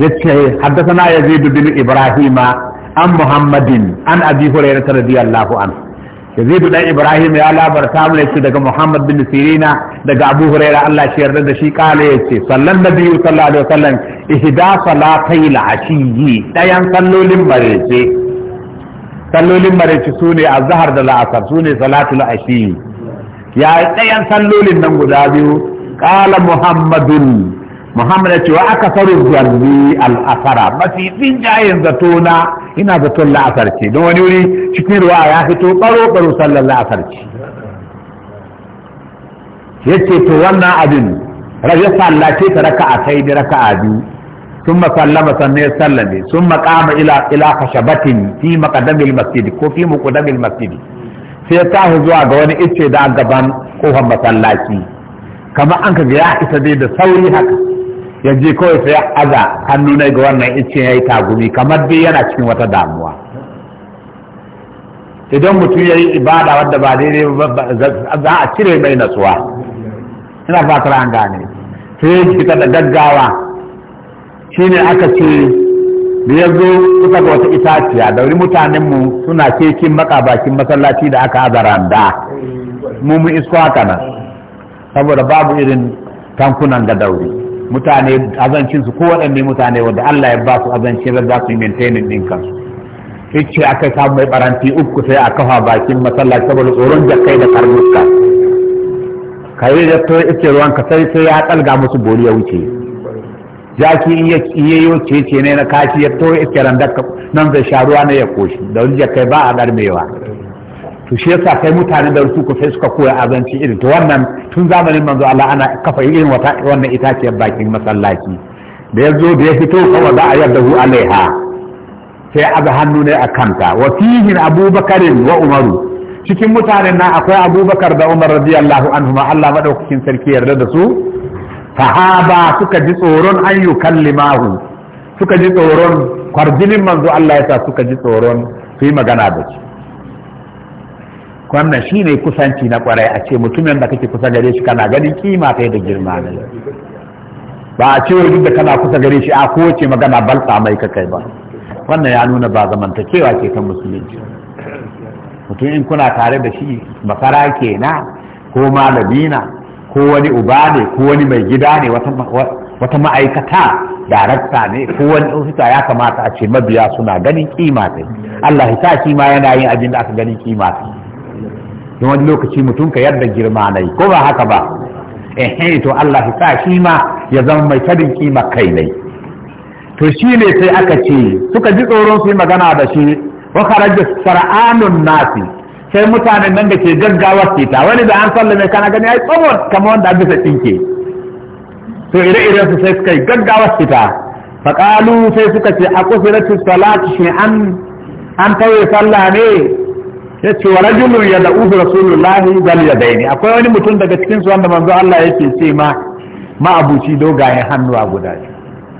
yace haddathana yazid bin ibrahima an muhammadin an abi hurairah radiyallahu anhu yazidu dan ibrahim ya labarta mu yace daga muhammad bin sirina daga abu huraira Allah shi yarda da shi kale yace sallan nabiyyu sallallahu alaihi wasallam ihda salatai al-ashiyyi dayan sallolin marece sallolin marece sune azhar da la'asar sune salatul ashiyyi ya dayan sallolin nan guda biyu qala muhammadun muhammad ya ce wa aka faru zanni al'asara mafi tsinjayen zato na ina zaton la'asar ce don wani wuri cikin ruwa ya fito baro baro sallar la'asar ce ya ce to wannan abin rage sallace ta raka a sai da raka a biyu sun masallama sannan sallame sun makama ila ila kashabatin fi makadamil masjidi ko fi mukudamil masjidi sai ya tahu zuwa ga wani icce da gaban kofar masallaci kamar an ka ga ya isa dai da sauri haka ya je kawai sai ya aza hannu na ga wannan icce ya yi tagumi kamar dai yana cikin wata damuwa idan mutum ya yi ibada wadda ba daidai za a cire mai natsuwa ina fatar an gane sai ya fita da gaggawa shine aka ce da ya zo kusa ga wata itaciya da wuri mutanenmu suna kekin maka bakin masallaci da aka aza randa mu mu isko haka nan saboda babu irin tankunan ga dauri mutane azancinsu ko waɗanne mutane wanda Allah ya ba su azancin da za su yi maintaining din kansu ce aka samu mai baranti uku sai a kafa bakin masallaci saboda tsoron jakai da karnuka yi da to yace ruwan ka sai sai ya kalga musu bori ya wuce jaki in yi wuce ce ne na kashi ya to yace nan zai sha ruwa na ya koshi da wani jakai ba a garmewa to shi yasa kai mutane da su ko sai suka koya azanci irin to wannan tun zamanin manzo Allah ana kafa irin wata wannan itaciyar bakin masallaci da yazo da ya fito kawai za a yarda hu alaiha sai aga hannu ne a kanta wa fihin abubakarin wa umaru cikin mutanen na akwai abubakar da umar radiyallahu anhuma Allah madaukakin sarki yarda da su sahaba suka ji tsoron an yi kallimahu suka ji tsoron kwarjinin manzo Allah ya sa suka ji tsoron su yi magana da shi wannan shi ne kusanci na kwarai a ce mutumin da kake kusa gare shi kana ganin kima kai da girma ne ba a ce duk da kana kusa gare shi a kowace magana balta mai ka kai ba wannan ya nuna ba zamantakewa ke kan musulunci mutum in kuna tare da shi masara kenan ko malami ko wani uba ne ko wani mai gida ne wata ma'aikata darakta ne ko wani ofisa ya kamata a ce mabiya suna ganin kima Allah ya sa shi ma yana yin abin da aka ganin kima don wani lokaci mutum ka yarda girma nai ko ba haka ba eh to Allah ya sa shi ma ya zama mai tabin kima kai nai to shi ne sai aka ce suka ji tsoron su magana da shi wa kharaja sar'anun nasi sai mutanen nan da ke gaggawa ke ta wani da an sallame kana gani ai tsawon kamar wanda bisa tsinke to ire-iren su sai suka yi gaggawa fita faƙalu sai suka ce a kusuratu salatu shi an an tauye sallah ne ya ce wa rajulu ya da'uhu rasulullahi zal daini akwai wani mutum daga cikinsu wanda manzo Allah yake ce ma ma'abuci dogayen hannuwa guda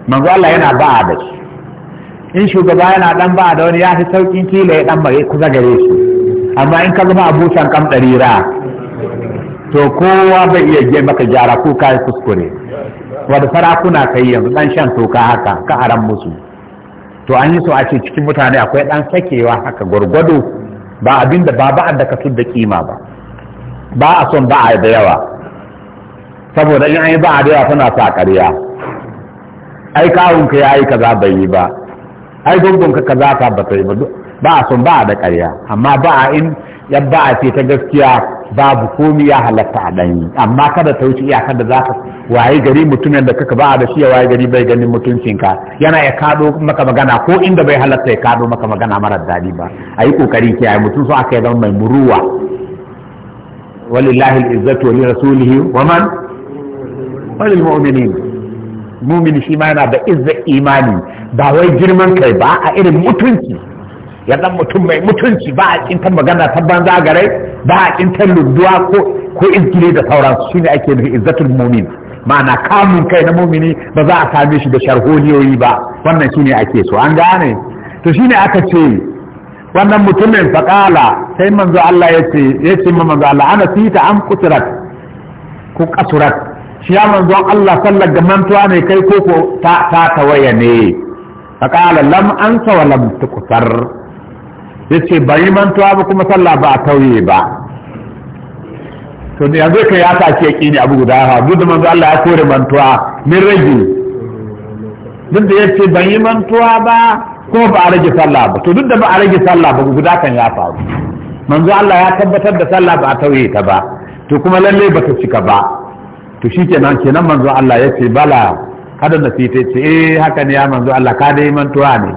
manzo Allah yana ba'a da shi in shugaba yana dan ba'a da wani ya fi saukin kila ya dan bare kusa gare shi amma in ka zama abusan kam ra to kowa bai iya je maka gyara ko kai kuskure wanda sarakuna kai yanzu dan shan toka haka ka aran musu to an yi so a ce cikin mutane akwai dan sakewa haka gwargwado ba abin da ba ba'ad da ka tudda kima ba ba a son ba'a da yawa saboda in an yi a da yawa tana sa ƙarya ai kawunka ya yi kaza bai yi ba ai ka kaza ka ba ta yi ba ba a son ba a da ƙarya amma ba a in ba a ce ta gaskiya babu komi ya halatta a ɗanyi amma kada ta wuce iyakar da za ka waye gari mutumin da kaka ba da shi ya waye gari bai ganin mutuncinka yana ya kado maka magana ko inda bai halatta ya kado maka magana marar daɗi ba a yi ki yaya mutum so aka yi zama mai muruwa walillahi al'izzatu wa li rasulihi wa man walil mu'minin mu'min shi ma yana da izzar imani ba wai girman kai ba a irin mutunci ya zan mutum mai mutunci ba a kintar magana ta banza garai ba a kintar lunduwa ko ko izgile da sauransu shine ake nufi izzatul mu'min ma'ana kamun kai na mumini ba za a same shi da sharholiyoyi ba wannan shine ake so an gane to shine aka ce wannan mutumin faƙala sai manzo Allah ya ce ya ce ma manzo Allah ana sita an kusurat ku kasurat shi ya manzo Allah sallar da mantuwa ne kai ko ko ta ta tawaye ne faqala lam ansa wa lam tukusar ce ba yi mantuwa ba kuma sallah ba a tauye ba to ne yanzu kai ya ta ce kini abu guda ha duk da manzo Allah ya kore mantuwa min rage duk da ce ban yi mantuwa ba kuma ba a rage sallah ba to duk da ba a rage sallah ba guda kan ya faru manzo Allah ya tabbatar da sallah ba a tauye ta ba to kuma lalle ba ta cika ba to shikenan kenan manzo Allah yace bala kada na fite ce eh haka ne ya manzo Allah ka dai mantuwa ne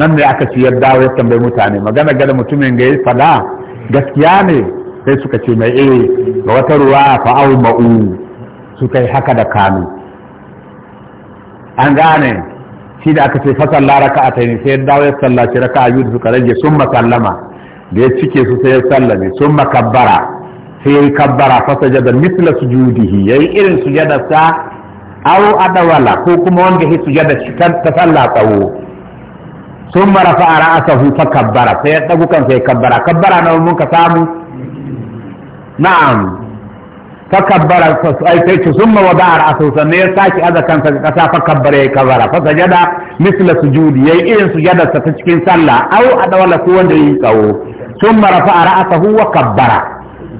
nan ne aka ci yadda ya tambayi mutane magana gada mutumin ga ya fada gaskiya ne sai suka ce mai eh ga wata ruwa fa'au ma'u suka yi haka da kanu an gane shi da aka ce fasan laraka a taini sai yadda ya sallaci raka a da suka rage sun masallama da ya cike su sai ya sallame sun makabbara sai ya yi kabbara jada mitla su judihi ya yi irin sa au adawala ko kuma wanda ya sujada ta sallah tsawo sun mara fa'ara aka fa kabbara sai ya ɗagu sai ya kabbara kabbara na mun ka samu na'am fa kabbara ai sai ci summa wa ba'ar asu sanne ya saki aza kansa ga kasa fa kabbara yayi kabbara fa sajada misla sujudi yayi irin sujada sa ta cikin sallah au a adawala ko wanda yi tsawo Sun summa rafa'a ra'sahu wa kabbara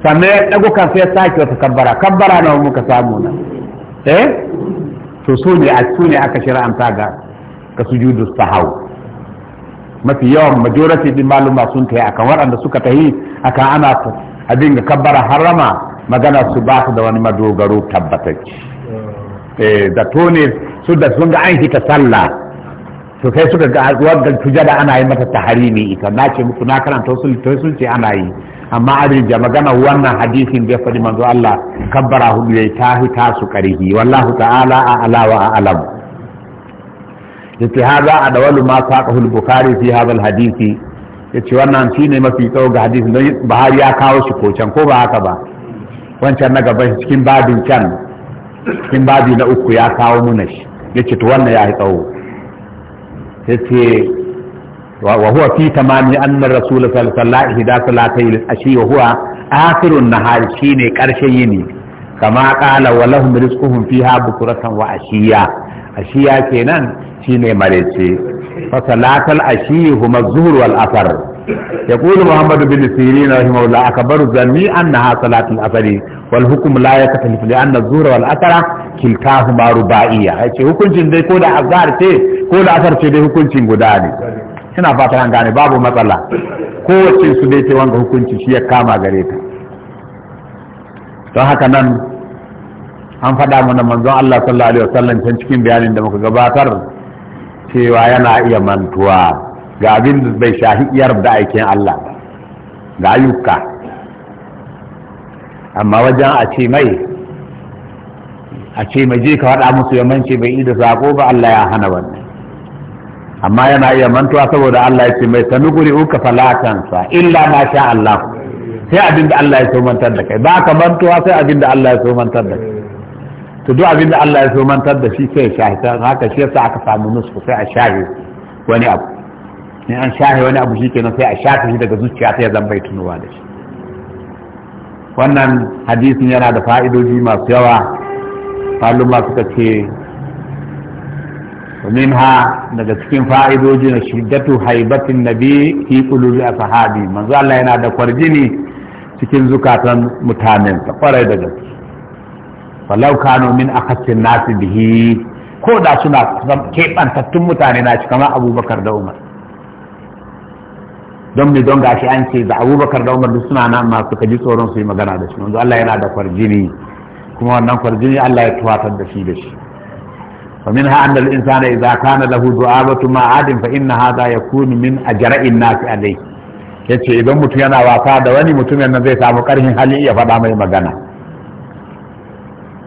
sanne ya dago kansa ya saki wata kabbara kabbara na muka samu na eh to su ne a su ne aka shir'anta ga ka sujudu sahau mafi yawan majority din maluma sun tayi akan waɗanda suka tayi akan ana abin ga kabbara harama magana su ba su da wani madogaro tabbatacce Da hmm. eh, zato su da sun ga an hita sallah to kai suka ga wadda tujada ana yi mata taharimi ita na ce muku na karanta wasu sun ce ana yi amma abinja magana wannan hadisin da ya faɗi manzo Allah kabbara hudu ya ta hita su karihi wallahu ta'ala a alawa a alamu yace haza a adwalu ma saqahu al-bukhari fi hadha al-hadisi yace wannan shine mafi tsawo ga hadisi don Buhari ya kawo shi kocan ko ba haka ba wancan na gaban cikin babin can cikin babi na uku ya kawo muna shi yace to wannan ya yi tsawo yace wa huwa fi tamami anna rasul sallallahu alaihi da salatai ashi wa huwa akhirun nahar shine karshen yini kama qala wa lahum rizquhum fiha bukratan wa ashiya ashiya kenan shine marece fa salatal ashi huma zuhur wal asar yaqulu muhammad bin sirin rahimahullah akbaru zanni annaha salatul asari wal hukm la yaktalif li anna zuhur wal asara kilkahuma rubaiya yace hukuncin dai ko da azhar ce ko da asar ce dai hukuncin guda ne ina fata an gane babu matsala kowace su dai ce wanga hukunci shi ya kama gare ta don haka nan an faɗa mana manzon Allah sallallahu alaihi wasallam can cikin bayanin da muka gabatar cewa yana iya mantuwa ga abin da bai shahi iyar da aikin Allah ba ga ayyuka amma wajen a ce mai a ce mai je ka faɗa musu ya mance bai yi da sako ba Allah ya hana wannan amma yana iya mantuwa saboda Allah ya ce mai sanuguri uka sa illa ma sha Allah sai abin da Allah ya so mantar da kai ba ka mantuwa sai abin da Allah ya so mantar da kai to duk abin da Allah ya so mantar da shi sai ya shahi ta haka shi yasa aka samu nusku sai a shahi wani abu in an shahi wani abu shikenan sai a shafi shi daga zuciya ta ya zan bai tunuwa da shi wannan hadisin yana da fa'idoji masu yawa maluma suka ce min ha daga cikin fa'idoji na shiddatu haibatin nabi fi a sahabi. manzo Allah yana da kwarjini cikin zukatan mutanen ta kwarai da gaske falau kano min akasin nasu bihi ko da suna keɓantattun mutane na shi kamar abubakar da umar don mai don gashi an ce da abubakar da umar duk suna nan masu kaji tsoron su yi magana da shi wanzu Allah yana da kwarjini kuma wannan kwarjini Allah ya tuwatar da shi da shi fa min ha annal insana idza kana lahu du'abatu ma'adin fa inna hadha yakunu min ajra'in nasi alayhi yace idan mutum yana wasa da wani mutumin yana zai samu karhin hali ya faɗa mai magana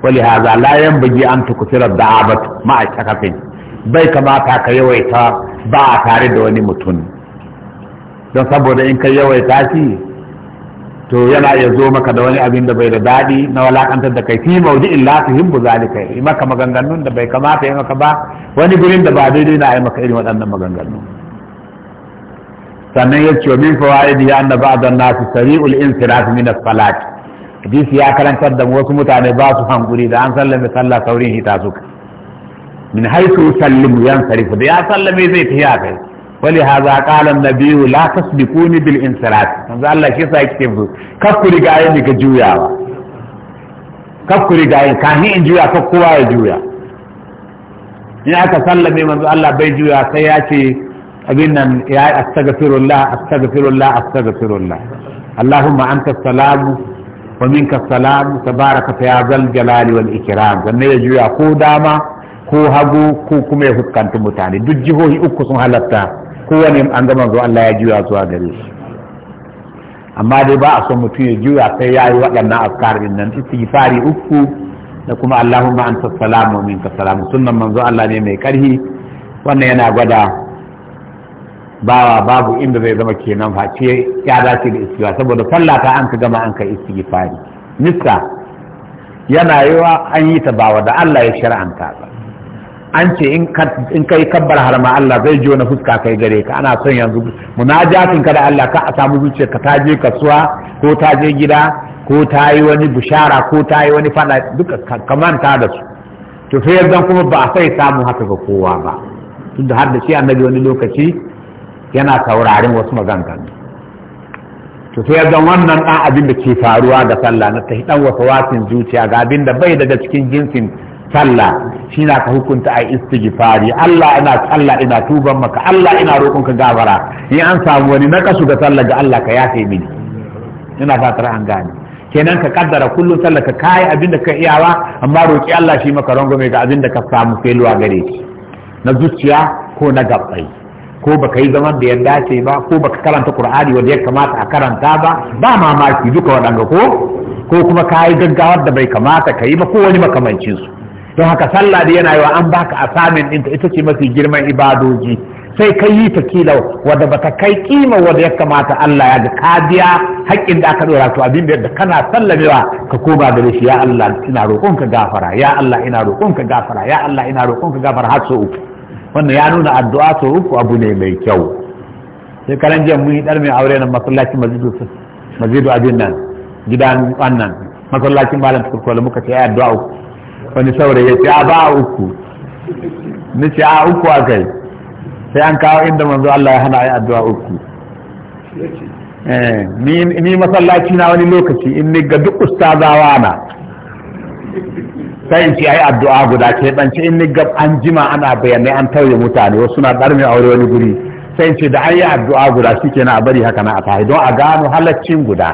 wali haza la yanbaghi an da da'abat ma'a shakafin bai kamata ka yawaita ba a tare da wani mutum don saboda in ka yawaita shi to yana iya zo maka da wani abin da bai da daɗi na walakantar da kai fi maudi'in la tuhibbu zalika yi maka maganganun da bai kamata yi ba wani gurin da ba daidai na yi maka irin waɗannan sannan nasu sari'ul insiraf min as hadisi ya karantar da wasu mutane ba su hankuri da an sallame sallah saurin hita suka min haisu sallimu yan sarifu da ya sallame zai tafi a kai wali haza qala nabiyyu la tasbiquni bil insirat manzo Allah shi yasa yake mu kakku riga yin ka juyawa kakku riga yin kani in juya ka kowa ya juya in aka sallame manzo Allah bai juya sai ya ce abin nan ya astaghfirullah astaghfirullah astaghfirullah Allahumma anta salamu wa minka salam tabaraka ya zal jalali wal ikram sannan ya juya ko dama ko hagu ko kuma ya hukanta mutane duk jihohi uku sun halatta kowane an ga manzo Allah ya juya zuwa gare shi amma dai ba a son mutum ya juya sai ya yi waɗannan askarin nan istighfari uku da kuma Allahumma anta salamu minka salamu sunnan manzo Allah ne mai karhi wannan yana gwada bawa babu inda zai zama kenan face ya dace da istighfar saboda sallah ta an ka gama an kai istighfari nista yana yiwa an yi ta bawa da Allah ya shar'anta ta an ce in kai kabbar harma Allah zai jo na fuska kai gare ka ana son yanzu munajatin ka da Allah ka a samu zuciya ka ta je kasuwa ko ta je gida ko ta yi wani bushara ko ta yi wani fada duka kamanta da su to sai yanzu kuma ba sai samu haka ga kowa ba tunda har da shi annabi wani lokaci yana saurarin wasu maganganu to sai ga wannan dan abin da ke faruwa da sallah na ta dan wasu wasin zuciya ga abin da bai daga cikin jinsin sallah shi na ka hukunta a istighfari Allah ina sallah ina tuban maka Allah ina roƙon ka gafara ni an samu wani na kasu ga sallah ga Allah ka yafe mini ina fatar an gane kenan ka kaddara kullum sallah ka kai abin da ka iyawa amma roƙi Allah shi maka rangume ga abin da ka samu feluwa gare shi na zuciya ko na gabbai ko baka yi zaman da ya dace ba ko baka karanta qur'ani wanda ya kamata a karanta ba ba mamaki duka waɗanga ko ko kuma ka yi gaggawar da bai kamata ka yi ba ko wani makamancin su don haka sallah da yana yawa an baka asamin ɗinta ita ce mafi girman ibadoji sai ka yi ta kila wadda baka kai kima wadda ya kamata Allah ya ga ka biya haƙƙin da aka ɗora to abin da kana sallamewa ka koma gare shi ya Allah ina roƙon ka gafara ya Allah ina roƙon ka gafara ya Allah ina roƙon ka gafara har so uku wannan ya nuna addu'a to uku abu ne mai kyau sai karan jiya mun yi dar mai aure na masallacin mazidu abin nan gidan wannan masallacin malam da muka ce ya addu'a uku wani saurayi ya ce a ba uku ni ce a uku a kai sai an kawo inda manzo Allah ya hana a yi addu'a uku eh, ni masallaci na wani lokaci in ni ga duk ustazawa na sai in ce ai addu'a guda ce ɗan ce in ni gab an jima ana bayanai an tauye mutane wasu na dar aure wani guri sai in ce da an addu'a guda ke na a bari haka na a tahi don a gano halaccin guda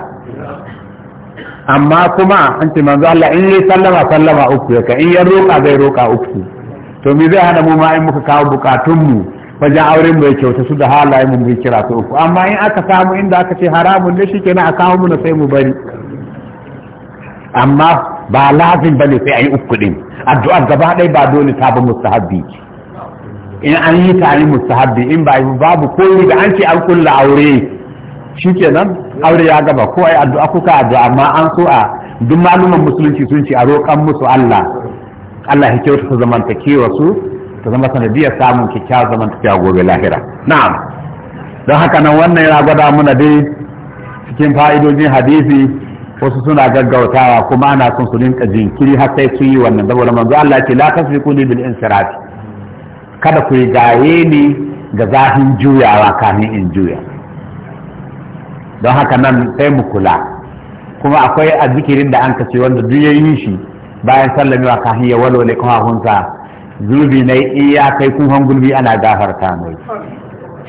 amma kuma an ce manzo Allah in yi sallama sallama uku yaka in ya roƙa zai roƙa uku to me zai hana mu ma in muka kawo bukatun mu wajen auren mai kyauta su da halayen mu mu kira su uku amma in aka samu inda aka ce haramun ne kenan a kawo mu na sai mu bari amma ba lazim ba ne sai a yi uku ɗin addu'ar gaba ɗaya ba dole ta ba mustahabbi in an yi ta ni mustahabbi in ba babu yi da an ce an kulla aure shi kenan aure ya gaba ko a yi addu'a kuka addu'a amma an so a duk maluman musulunci sun ce a roƙan musu Allah Allah ya kyauta zamantakewa su ta zama sanadiyar samun kyakkyawar zamantakewa gobe lahira na'am don haka nan wannan ya gwada muna dai cikin fa'idojin hadisi wasu suna gaggautawa kuma ana son su rinka jinkiri har sai sun yi wannan saboda manzo Allah ce la tasbiqu ni bil insirat kada ku gaye ni ga zahin juyawa kafin in juya don haka nan sai mu kula kuma akwai azikirin da an kace wanda duk shi bayan sallamewa kafin ya walwale hunta zunubi na iya kai kuhan gulbi ana gafarta mai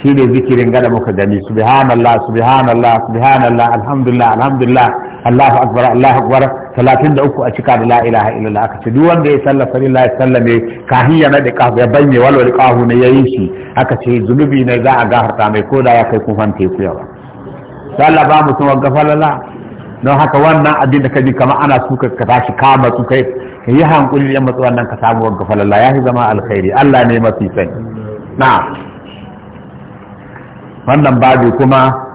shi ne zikirin gada muka gani subhanallah subhanallah subhanallah alhamdulillah alhamdulillah Allahu akbar Allahu akbar 33 a cika da la ilaha illallah aka ce duk wanda ya sallah sallallahu alaihi wasallam kahin ya nade ya banye walwal kahu ne yi shi aka ce zunubi ne za a gafarta mai ko da ya kai kufan teku yawa sallah ba mu tuma gafalala don haka wannan abin da kaji kamar ana suka ka tashi kama su kai yi hankuli ya matsu wannan ka samu gafalala ya fi zama alkhairi Allah ne mafi sani Na wannan babu kuma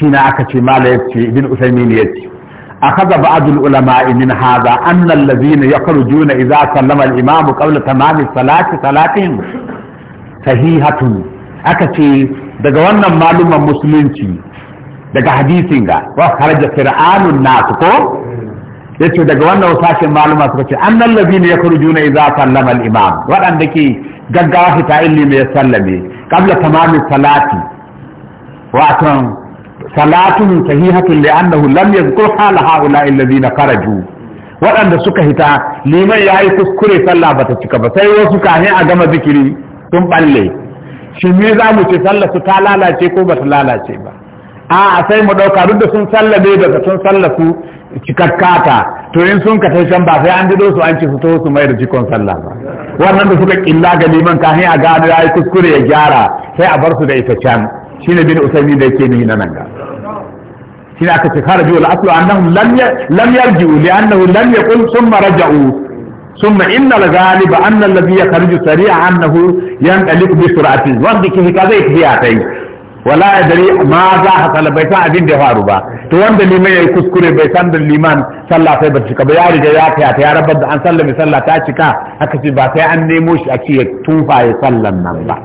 shi na aka ce mala ya أخذ بعض العلماء من هذا أن الذين يخرجون إذا سلم الإمام قبل تمام الصلاة صحيحة دقوانا معلومة مسلمتي ko yace daga wannan sashen maluma suka ce annal ke gaggawa fita illi mai salati salatun sahihatun annahu lam yadhkur hala haula alladhina kharaju waɗanda suka hita liman yayi yi kuskure sallah bata cika ba sai wasu kahin a gama zikiri sun balle Shin me za mu ce sallah su ta lalace ko bata lalace ba a sai mu ɗauka duk da sun sallabe daga sun sallah su cikakkata to in sun ka can ba sai an dido su an ci su to su mai da jikon sallah ba wannan da suka killa ga liman kahin a gano yayi kuskure ya gyara sai a bar su da ita can shi ne bin usaimi da yake nuhi na nan ga shi ne aka ce kara jiwa al'aslu annahum lam yarji'u li annahu lam yaqul summa raja'u ثم ان الغالب ان الذي يخرج سريعا انه ينطلق بسرعه wanda ke ka zai tafiya ta yi wala dare ma za a sallah bai san abin da ya faru ba to wanda liman ya yi kuskure bai san da liman sallah sai ba cika ba ya riga ya taya ta ya rabar da an sallah mai sallah ta cika aka ce ba sai an nemo shi a ce ya tufa ya sallan nan ba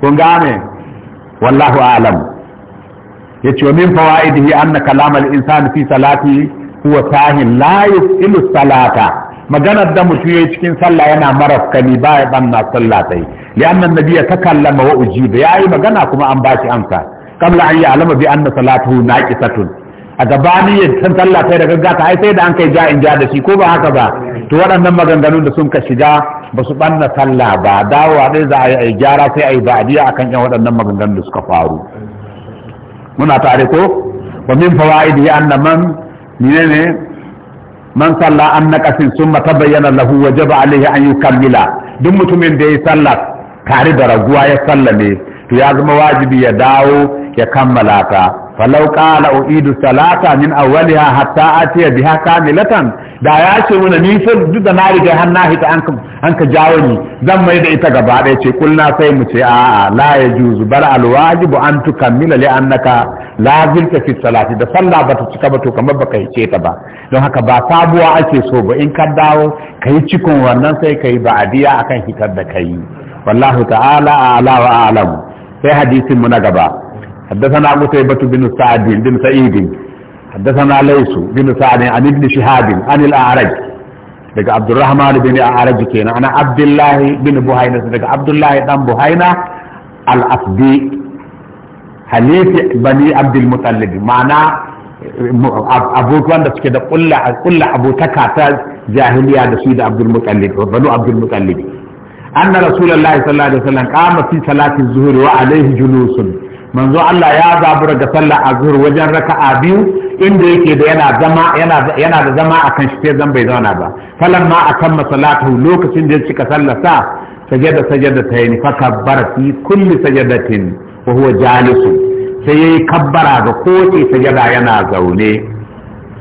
kun gane wallahu a'lam yace wa min fawaidihi anna kalam al-insan fi salati huwa sahin la salata maganar da mutum yayi cikin sallah yana maras kani ba ya banna sallah sai lianna annabi ya takallama wa ujiba yayi magana kuma an bashi amsa qabla an ya'lama bi anna salatuhu naqisatun a gabanin ya san sallah sai da gaggata ai sai da an kai ja in ja da shi ko ba haka ba to waɗannan maganganun da sun ka shiga ba su ɓanna sallah ba dawowa dai za a yi gyara sai a yi ba'adiyya akan yan waɗannan maganganun da suka faru muna tare ko wa min fawaidi anna man ne man salla an naqasin summa tabayyana lahu wajaba alayhi an yukammila duk mutumin da ya yi sallah tare da raguwa ya sallame to ya zama wajibi ya dawo ya kammala ta falau qala uidu salata min awwaliha hatta atiya biha kamilatan da ya ce mana ni fa duk da na riga hanna na hita an an ka jawo ni zan mai da ita gaba ɗaya ce kulna sai mu ce a'a la yajuzu bal al wajibu an tukammila li annaka la zilta fi salati da sallah bata cika ba to kamar baka hice ta ba don haka ba sabuwa ake so ba in ka dawo kai cikon wannan sai kai adiya akan hitar da kai wallahu ta'ala a'la wa a'lam sai hadisin mu na gaba حدثنا قتيبة بن سعد بن سعيد حدثنا ليس بن سعد عن ابن شهاب عن الأعرج لك عبد الرحمن بن أعرج كينا أنا عبد الله بن بوهينة لك عبد الله بن بوهينة الأصدي حليف بني عبد المطلب أبو أبوك وانت كده قل قل أبو تكاتا جاهلية سيد عبد المطلب بنو عبد المطلب أن رسول الله صلى الله عليه وسلم قام في صلاة الظهر وعليه جلوس manzo Allah ya zabi ga sallar azhur wajen raka'a biyu inda yake da yana zama yana da zama akan shi sai zan bai zauna ba falan ma akan masalatu lokacin da ya cika sallar sa sajada sajada ta yi fa kabbara fi kulli sajadatin wa huwa jalisu sai yayi kabbara ga kowace sajada yana zaune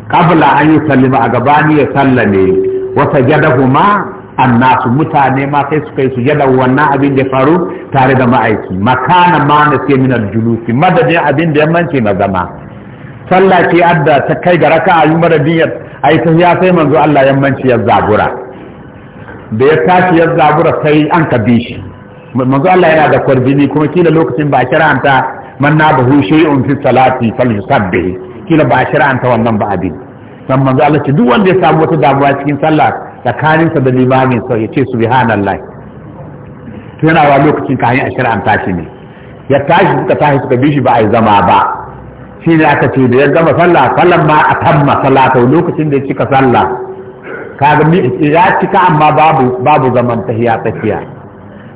Kabla an yusallima a gabani ya sallame wa sajadahuma annasu mutane ma sai su kai su yada wannan abin da faru tare da ma'aiki makana ma na sai min aljulusi madadin abin da yammanci na zama sallah ce adda ta kai ga raka'a yi madadin ya ai ta ya sai manzo Allah yammanci ya zabura da ya tashi ya zabura sai an ka bi manzo Allah yana da kwarbini kuma kila lokacin ba kiranta man na bahu shay'un fi salati falyusabbih kila ba kiranta wannan ba abin dan manzo Allah ce duk wanda ya samu wata damuwa cikin sallah tsakaninsa da limamin sa ya ce yana tunawa lokacin kayan ashirin tashi tashi ne ya tashi suka tashi suka bi ba a yi zama ba shi ne aka ce da ya gama sallah sallan ma a tamma salata lokacin da ya cika sallah kaga ya cika amma babu babu zaman tahiya tafiya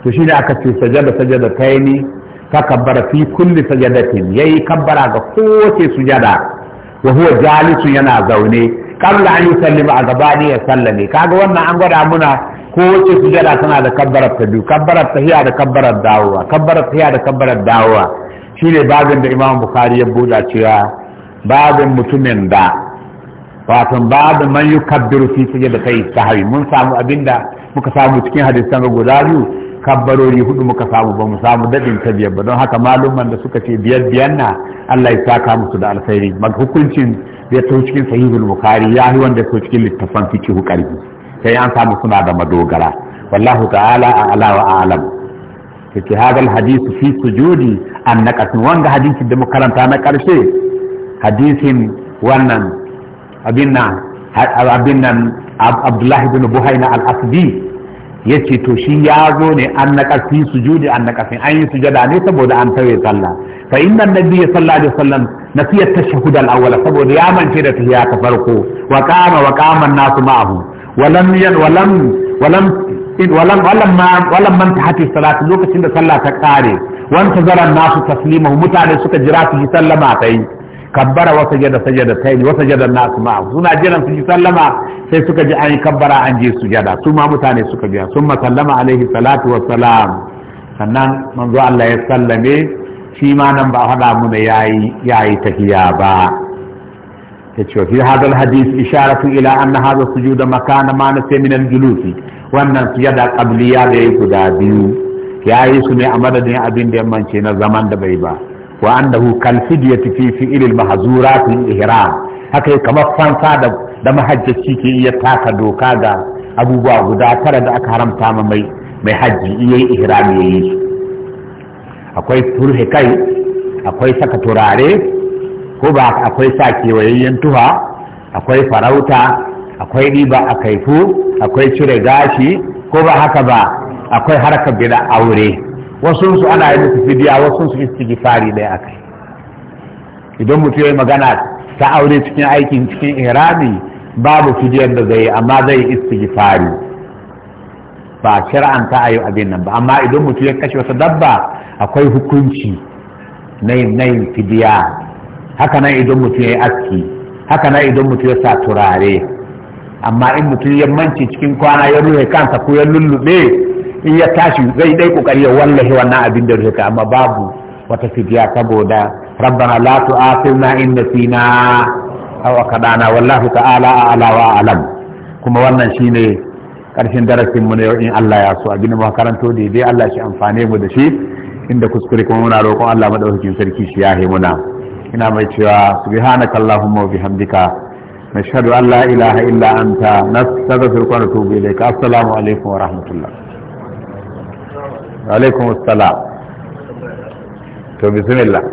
to shi ne aka ce sajada sajada tayni kabbara fi kulli sajadatin yayi kabbara ga kowace sujada wa huwa jalisun yana zaune kabla an yi yusallima a gabani ya sallame kaga wannan an gwada muna su sujada tana da kabbarar ta biyu kabbarar tahiya da kabbarar dawowa kabbarar tahiya da kabbarar dawowa shine babin da Imam Bukhari ya buɗa cewa babin mutumin da wato babin man yukabbiru fi sujada kai sahwi mun samu abinda muka samu cikin hadisan guda biyu kabbarori hudu muka samu ba mu samu dadin ta biyar ba don haka malumman da suka ce biyar biyar na Allah ya saka musu da alkhairi mag hukuncin ya to cikin sahihul bukhari ya yi wanda ya cikin littafan fiqh hukari sai an samu suna da madogara wallahu ta'ala a'la wa a'lam take hadal hadisi fi sujudi an sun wanga hadisi da muka karanta na karshe hadisin wannan abin nan Abdullahi bin Buhaina al asbi ya ce to shi ya zo ne an na ƙarfi su judi an na ƙarfi an yi sujada ne saboda an tauye sallah fa inna nabi ya sallah da sallam nasiyar tashahhud al-awwala saboda ya mance da tafiya ta farko wa qama wa qama nasu ma'ahu walam yan walam walam walam walam ma walam man tahati salatu lokacin da sallah ta kare wanta zaran nasu taslima mutane suka jira su yi sallama ta yi kabbara wa sajada sajada ta yi wa sajada nasu ma'ahu suna jiran su yi sallama sai suka ji an yi kabbara an je sujada su ma mutane suka biya sun masallama alaihi salatu wa salam sannan manzo Allah ya sallame shi ma nan ba mu muna yayi yayi tahiya ba yace fi hadha alhadith isharatu ila anna hadha sujud makana ma nasi min aljulusi wannan sujada qabliya da yayi guda biyu yayi su ne a madadin abin da yammanci na zaman da bai ba wa annahu kal fidyati fi fi'il almahzurat ihram haka kamar fansa da da mahajjaci ke iya taka doka ga abubuwa guda tara da aka haramta ma mai mai hajji iya ihrami ya yi akwai turhe kai akwai saka turare ko ba akwai sa kewayayyen tuha akwai farauta akwai riba a kaifu akwai cire gashi ko ba haka ba akwai harkar bida aure wasu su ana yi musu fidiya wasu su istighfari ɗaya akai idan mutum ya yi magana ta aure cikin aikin cikin ihrami babu fidiyar da zai yi amma zai yi istighfari ba shar'anta a yi abin nan ba amma idan mutum ya kashe wasu dabba akwai hukunci na yin fidiya haka nan idan mutum ya yi aski haka nan idan mutum ya sa turare amma in mutum ya manci cikin kwana ya ruhe kansa ko ya lullube in ya tashi zai dai kokari ya wallahi wannan abin da ruhe amma babu wata fidiya saboda rabbana la tu'athirna in nasina aw akadana wallahu ta'ala a'la wa a'lam kuma wannan shine karshen darasin mu na yau in Allah ya so a da muka karanto da dai Allah shi amfane mu da shi inda kuskure kuma muna roƙon Allah madaukakin sarki shi yahe muna ina mai cewa subhanaka allahumma wa bihamdika nashhadu an la ilaha illa anta nastaghfiruka wa natubu ilayka assalamu alaikum wa rahmatullah wa alaikum assalam to bismillah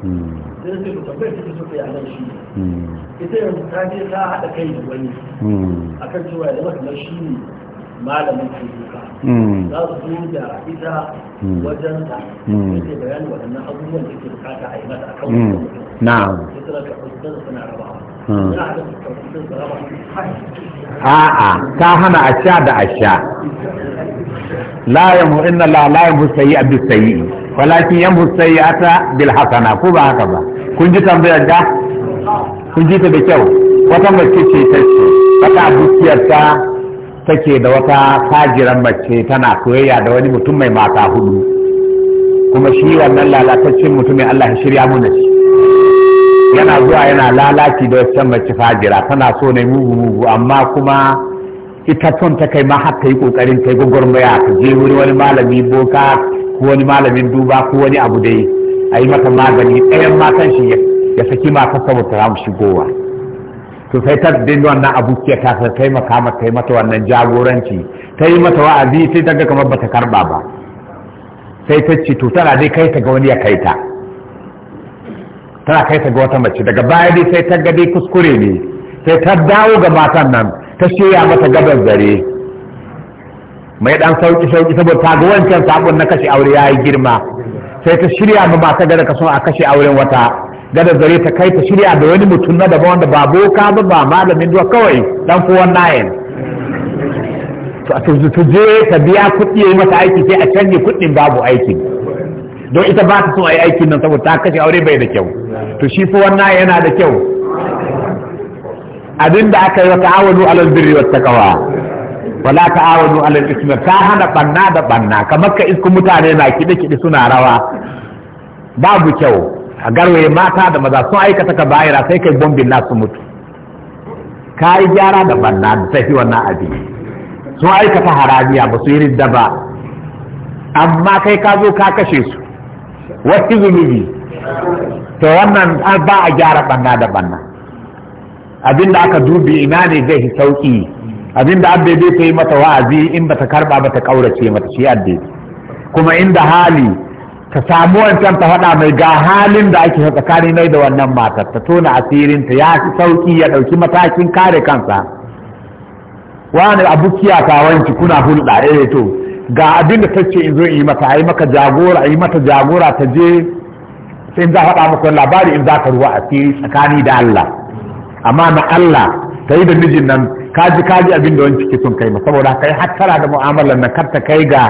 sai sai ku take so kai shi hmm. ita yanzu ta je ta haɗa kai da wani hmm. cewa ya zama kamar shi ne malamin ke duka hmm. za su zo da ita wajen ta yake bayani waɗannan abubuwan da ke bukata a yi mata a kan wani na'am suna a'a hana a sha da a sha la yamu inna la la yamu sayyi abi walakin yan busai ya ta bilhasana ko ba haka ba kun ji tambayar da kun ji ta da kyau wata mace ce ta ce wata abokiyar ta take da wata fajiran mace tana soyayya da wani mutum mai mata hudu kuma shi wannan lalataccen mutumin Allah ya shirya mu shi yana zuwa yana lalaci da wata mace fajira tana so ne mugu mugu amma kuma ita son ta kai ma har yi kokarin ta yi gwagwarmaya ta je wuri wani malami boka ko wani malamin duba ko wani abu dai a yi mata magani ɗayan matan shi ya saki mata saboda ta shigowa to sai ta dinga wannan abu ke ta sai taimaka mata yi mata wannan jagoranci ta yi mata wa'azi sai ta ga kamar bata karba ba sai ta ce to tana dai kai ta ga wani ya kai ta tana kai ta ga wata mace daga baya dai sai ta ga dai kuskure ne sai ta dawo ga matan nan ta shirya mata gabar zare mai ɗan sauki sauki saboda ta ga wancan sabon na kashe aure yayi girma sai ta shirya ma mata gada ka so a kashe auren wata gada zare ta kai ta shirya da wani mutum na daban wanda ba boka ba ba malamin duwa kawai dan fuwan nayin to je ta biya kuɗi yi mata aiki sai a canje kuɗin babu aiki don ita ba ta so a yi aikin nan saboda ta kashe aure bai da kyau to shi fa wannan yana da kyau abinda aka yi wa ta'awalu alal birri wat taqwa wala ta'awanu alal ismi ka hana banna da banna kamar ka isku mutane na kide kide suna rawa babu kyau a garwaye mata da maza sun aikata ka bayira sai kai bombin nasu mutu ka yi gyara da banna da tafi wannan abin sun aikata haramiya ba su yi ridda ba amma kai ka zo ka kashe su wasu zunubi to wannan ba a gyara banna da banna abinda aka dubi ina ne zai sauki abinda abbe bai yi mata wa'azi in ta karba ba ta kaurace mata shi abbe kuma inda hali ta samu wancan ta faɗa mai ga halin da ake tsakanin mai da wannan matar ta tona asirinta ya fi sauki ya ɗauki matakin kare kansa wani abukiya ta wanki kuna hulɗa eh to ga abinda ta ce in zo in yi mata a yi maka jagora a mata jagora ta je sai in za faɗa maka labari in za ka ruwa asiri tsakani da Allah amma na Allah ta da mijin nan kaji kaji abin da wani ciki sun kai ma saboda kai hattara da mu'amalar na kar ta kai ga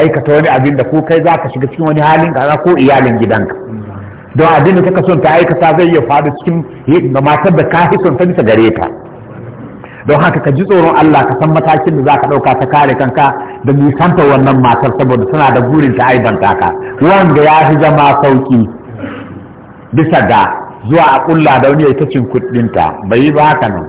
aikata wani abin da ko kai za ka shiga cikin wani halin kaza ko iyalin gidanka don abin da kaka son ta aikata zai iya faɗi cikin da matar da ka fi son ta bisa gare ka don haka ka ji tsoron Allah ka san matakin da za ka ɗauka ta kare kanka da nisanta wannan matar saboda tana da burin ta aibanta ka wanda ya fi zama sauki bisa ga zuwa a kulla da wani ya ta cin kuɗinta bai yi ba haka nan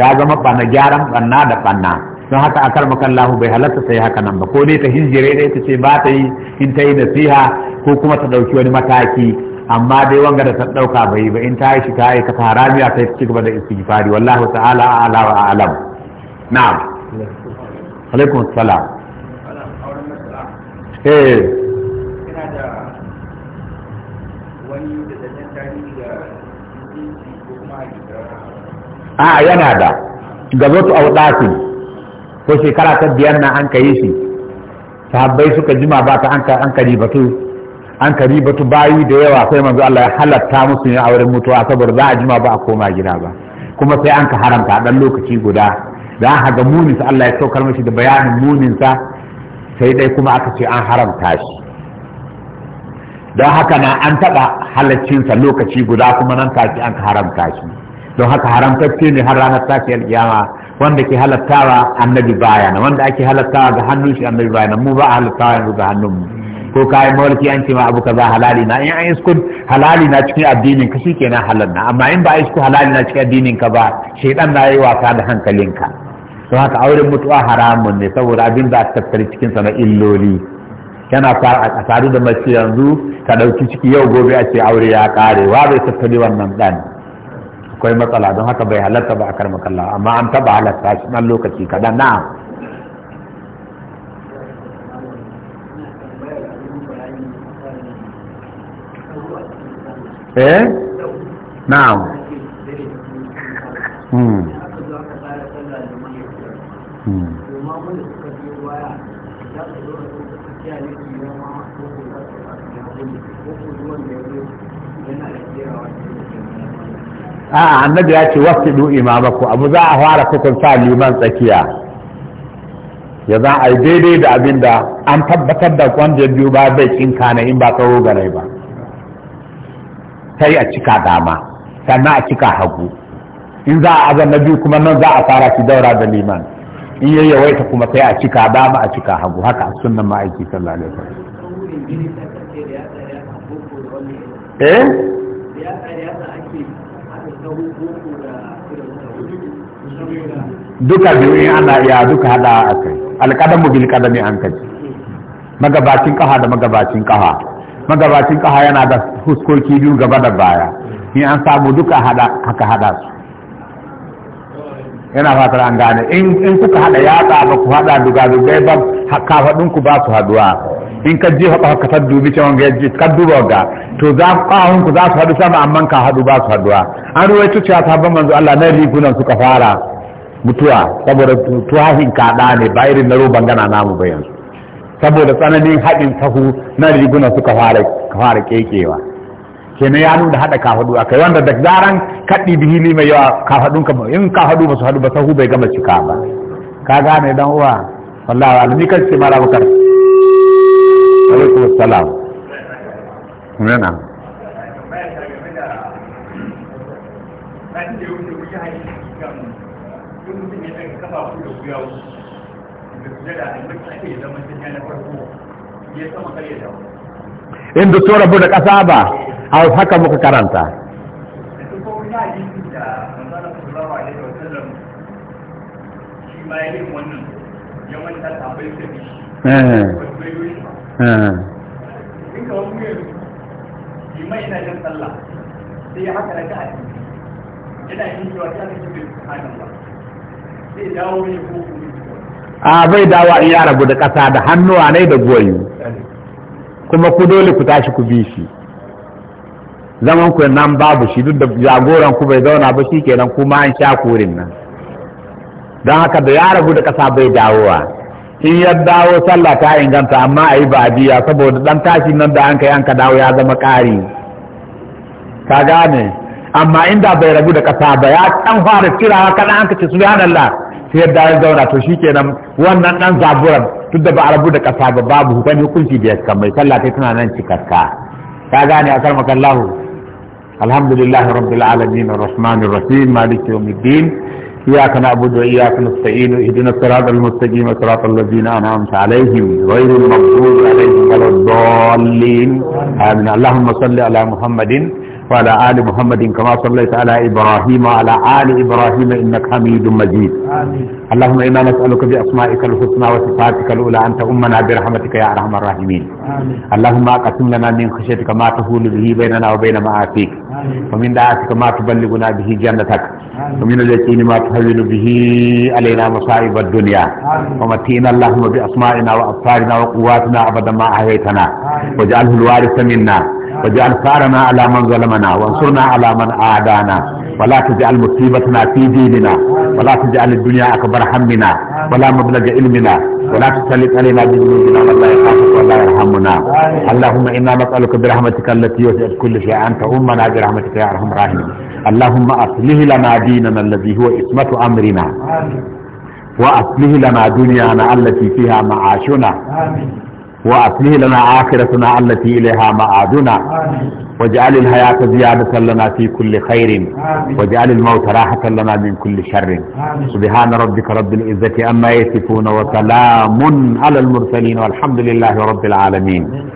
ya zama bana gyaran ɓanna da ɓanna don haka akar Lahu bai halatta sai haka nan ba ko dai ta hijire dai ta ce ba ta yi in ta yi nasiha ko kuma ta ɗauki wani mataki amma dai wanga da ta ɗauka bai ba in ta yi shi ta yi ka haramiya ta ci gaba da istighfari wallahu ta'ala wa a'lam na'am alaikum salam eh a yana da gazotu auɗafi ko shekara ta biyar na an kayi shi sahabbai suka jima ba ta an karibatu an karibatu bayi da yawa sai manzo Allah ya halatta musu yin auren mutuwa saboda za a jima ba a koma gida ba kuma sai an ka haramta ɗan lokaci guda za a ga muninsa Allah ya saukar mashi da bayanin munin sa sai dai kuma aka ce an haramta shi don haka na an taɓa halaccinsa lokaci guda kuma nan take an ka haramta shi don haka haramtacce ne har ranar tashiyar kiyama wanda ke halattawa annabi baya na wanda ake halattawa ga hannun shi annabi baya na mu ba a halattawa yanzu ga hannun mu ko kayan mawarki an ce ma abu kaza halali na in an isko halali na cikin addinin ka shi kenan halal na amma in ba a isko halali na cikin addinin ka ba shaidan na yi wasa da hankalinka don haka auren mutuwa haramun ne saboda abin da a tattare cikin sa na illoli yana a sadu da mace yanzu ka ɗauki ciki yau gobe a ce aure ya ƙare wa bai tattali wannan ɗan akwai matsala don haka bai halatta ba a karma amma an taba halatta shi nan lokaci kaɗan na eh na'am hmm hmm a'a annabi ya ce wasidu imamaku abu za a fara kukun sa liman tsakiya ya za a yi daidai da abin da an tabbatar da wanda biyu ba bai kinka na in ba tsawo gare ba sai a cika dama sannan a cika hagu in za a azan na biyu kuma nan za a fara shi daura da liman in yayi yawaita kuma sai a cika dama a cika hagu haka a sunan ma'aiki sallallahu alaihi wasallam eh? duka biyu in ana iya duka hada a kai alƙadamu bil ƙadami an kaji magabacin ƙaha da magabacin ƙaha magabacin ƙaha yana da huskoki biyu gaba da baya in an samu duka hada haka hada su yana fatar an gane in kuka hada yatsa ba ku hada duga dugai ba kafaɗinku ba su haduwa in ka jefa ƙafa ka dubi cewa ga yaji ka duba ga to za ƙahun ku za su haɗu sama amma ka haɗu ba su haɗuwa an ruwaito cewa sabon manzo Allah na rigunan suka fara mutuwa saboda tuwahin kaɗa ne ba irin na roban gana namu ba yanzu saboda tsananin haɗin sahu na rigunan suka fara kekewa kenan ya nuna haɗa ka a kai wanda da zaran kaɗi bihili mai yawa kafaɗun ka in kafaɗu ba su haɗu ba sahu bai gama cika ba ka gane dan uwa wallahi alimi kan ce mara bakar alaikum salam in da so bude ƙasa ba a haka muka karanta eh. dawo a bai dawa in ya rabu da ƙasa da hannuwa ne da goyi kuma ku dole ku tashi ku bi shi zaman ku nan babu shi duk da jagoran ku bai zauna ba shi kenan kuma an sha kurin nan don haka da ya rabu da ƙasa bai dawowa in ya dawo sallah ta inganta amma a yi ba'adiyya saboda dan tashi nan da an kai an ka dawo ya zama ƙari ka gane amma inda bai rabu da ƙasa ba ya ɗan fara kirawa kana an kace subhanallah sai yadda ya zauna to shi kenan wannan ɗan zaburan duk da ba a rabu da ƙasa ba babu hukumi hukunci da ya mai sallah kai tana nan cikakka ka gane kan makallahu alhamdulillah rabbil alamin arrahmanir rahim maliki yawmiddin إياك نعبد وإياك نستعين اهدنا الصراط المستقيم صراط الذين أنعمت عليهم غير المغضوب عليهم ولا الضالين آمين اللهم صل على محمد وعلى آل محمد كما صليت على إبراهيم وعلى آل إبراهيم إنك حميد مجيد آمين. اللهم إنا نسألك بأسمائك الحسنى وصفاتك الأولى أن تؤمنا برحمتك يا أرحم الراحمين اللهم أقسم لنا من خشيتك ما تحول به بيننا وبين معافيك ومن دعاتك ما تبلغنا به جنتك ومن اليقين ما تهون به علينا مصائب الدنيا ومتينا اللهم بأسمائنا وأبصارنا وقواتنا أبدا ما أحييتنا واجعله الوارث منا واجعل ثارنا على من ظلمنا وانصرنا على من عادانا ولا تجعل مصيبتنا في ديننا ولا تجعل الدنيا أكبر همنا ولا مبلغ علمنا ولا تسلط علينا بذنوبنا من لا يخافك ولا يرحمنا اللهم إنا نسألك برحمتك التي وسعت كل شيء أن تؤمنا برحمتك يا أرحم الراحمين اللهم أصلح لنا ديننا الذي هو عصمة أمرنا وأصلح لنا دنيانا التي فيها معاشنا آمين وأصلح لنا آخرتنا التي إليها معادنا واجعل الحياة زيادة لنا في كل خير واجعل الموت راحة لنا من كل شر سبحان ربك رب العزة أما يسفون وسلام على المرسلين والحمد لله رب العالمين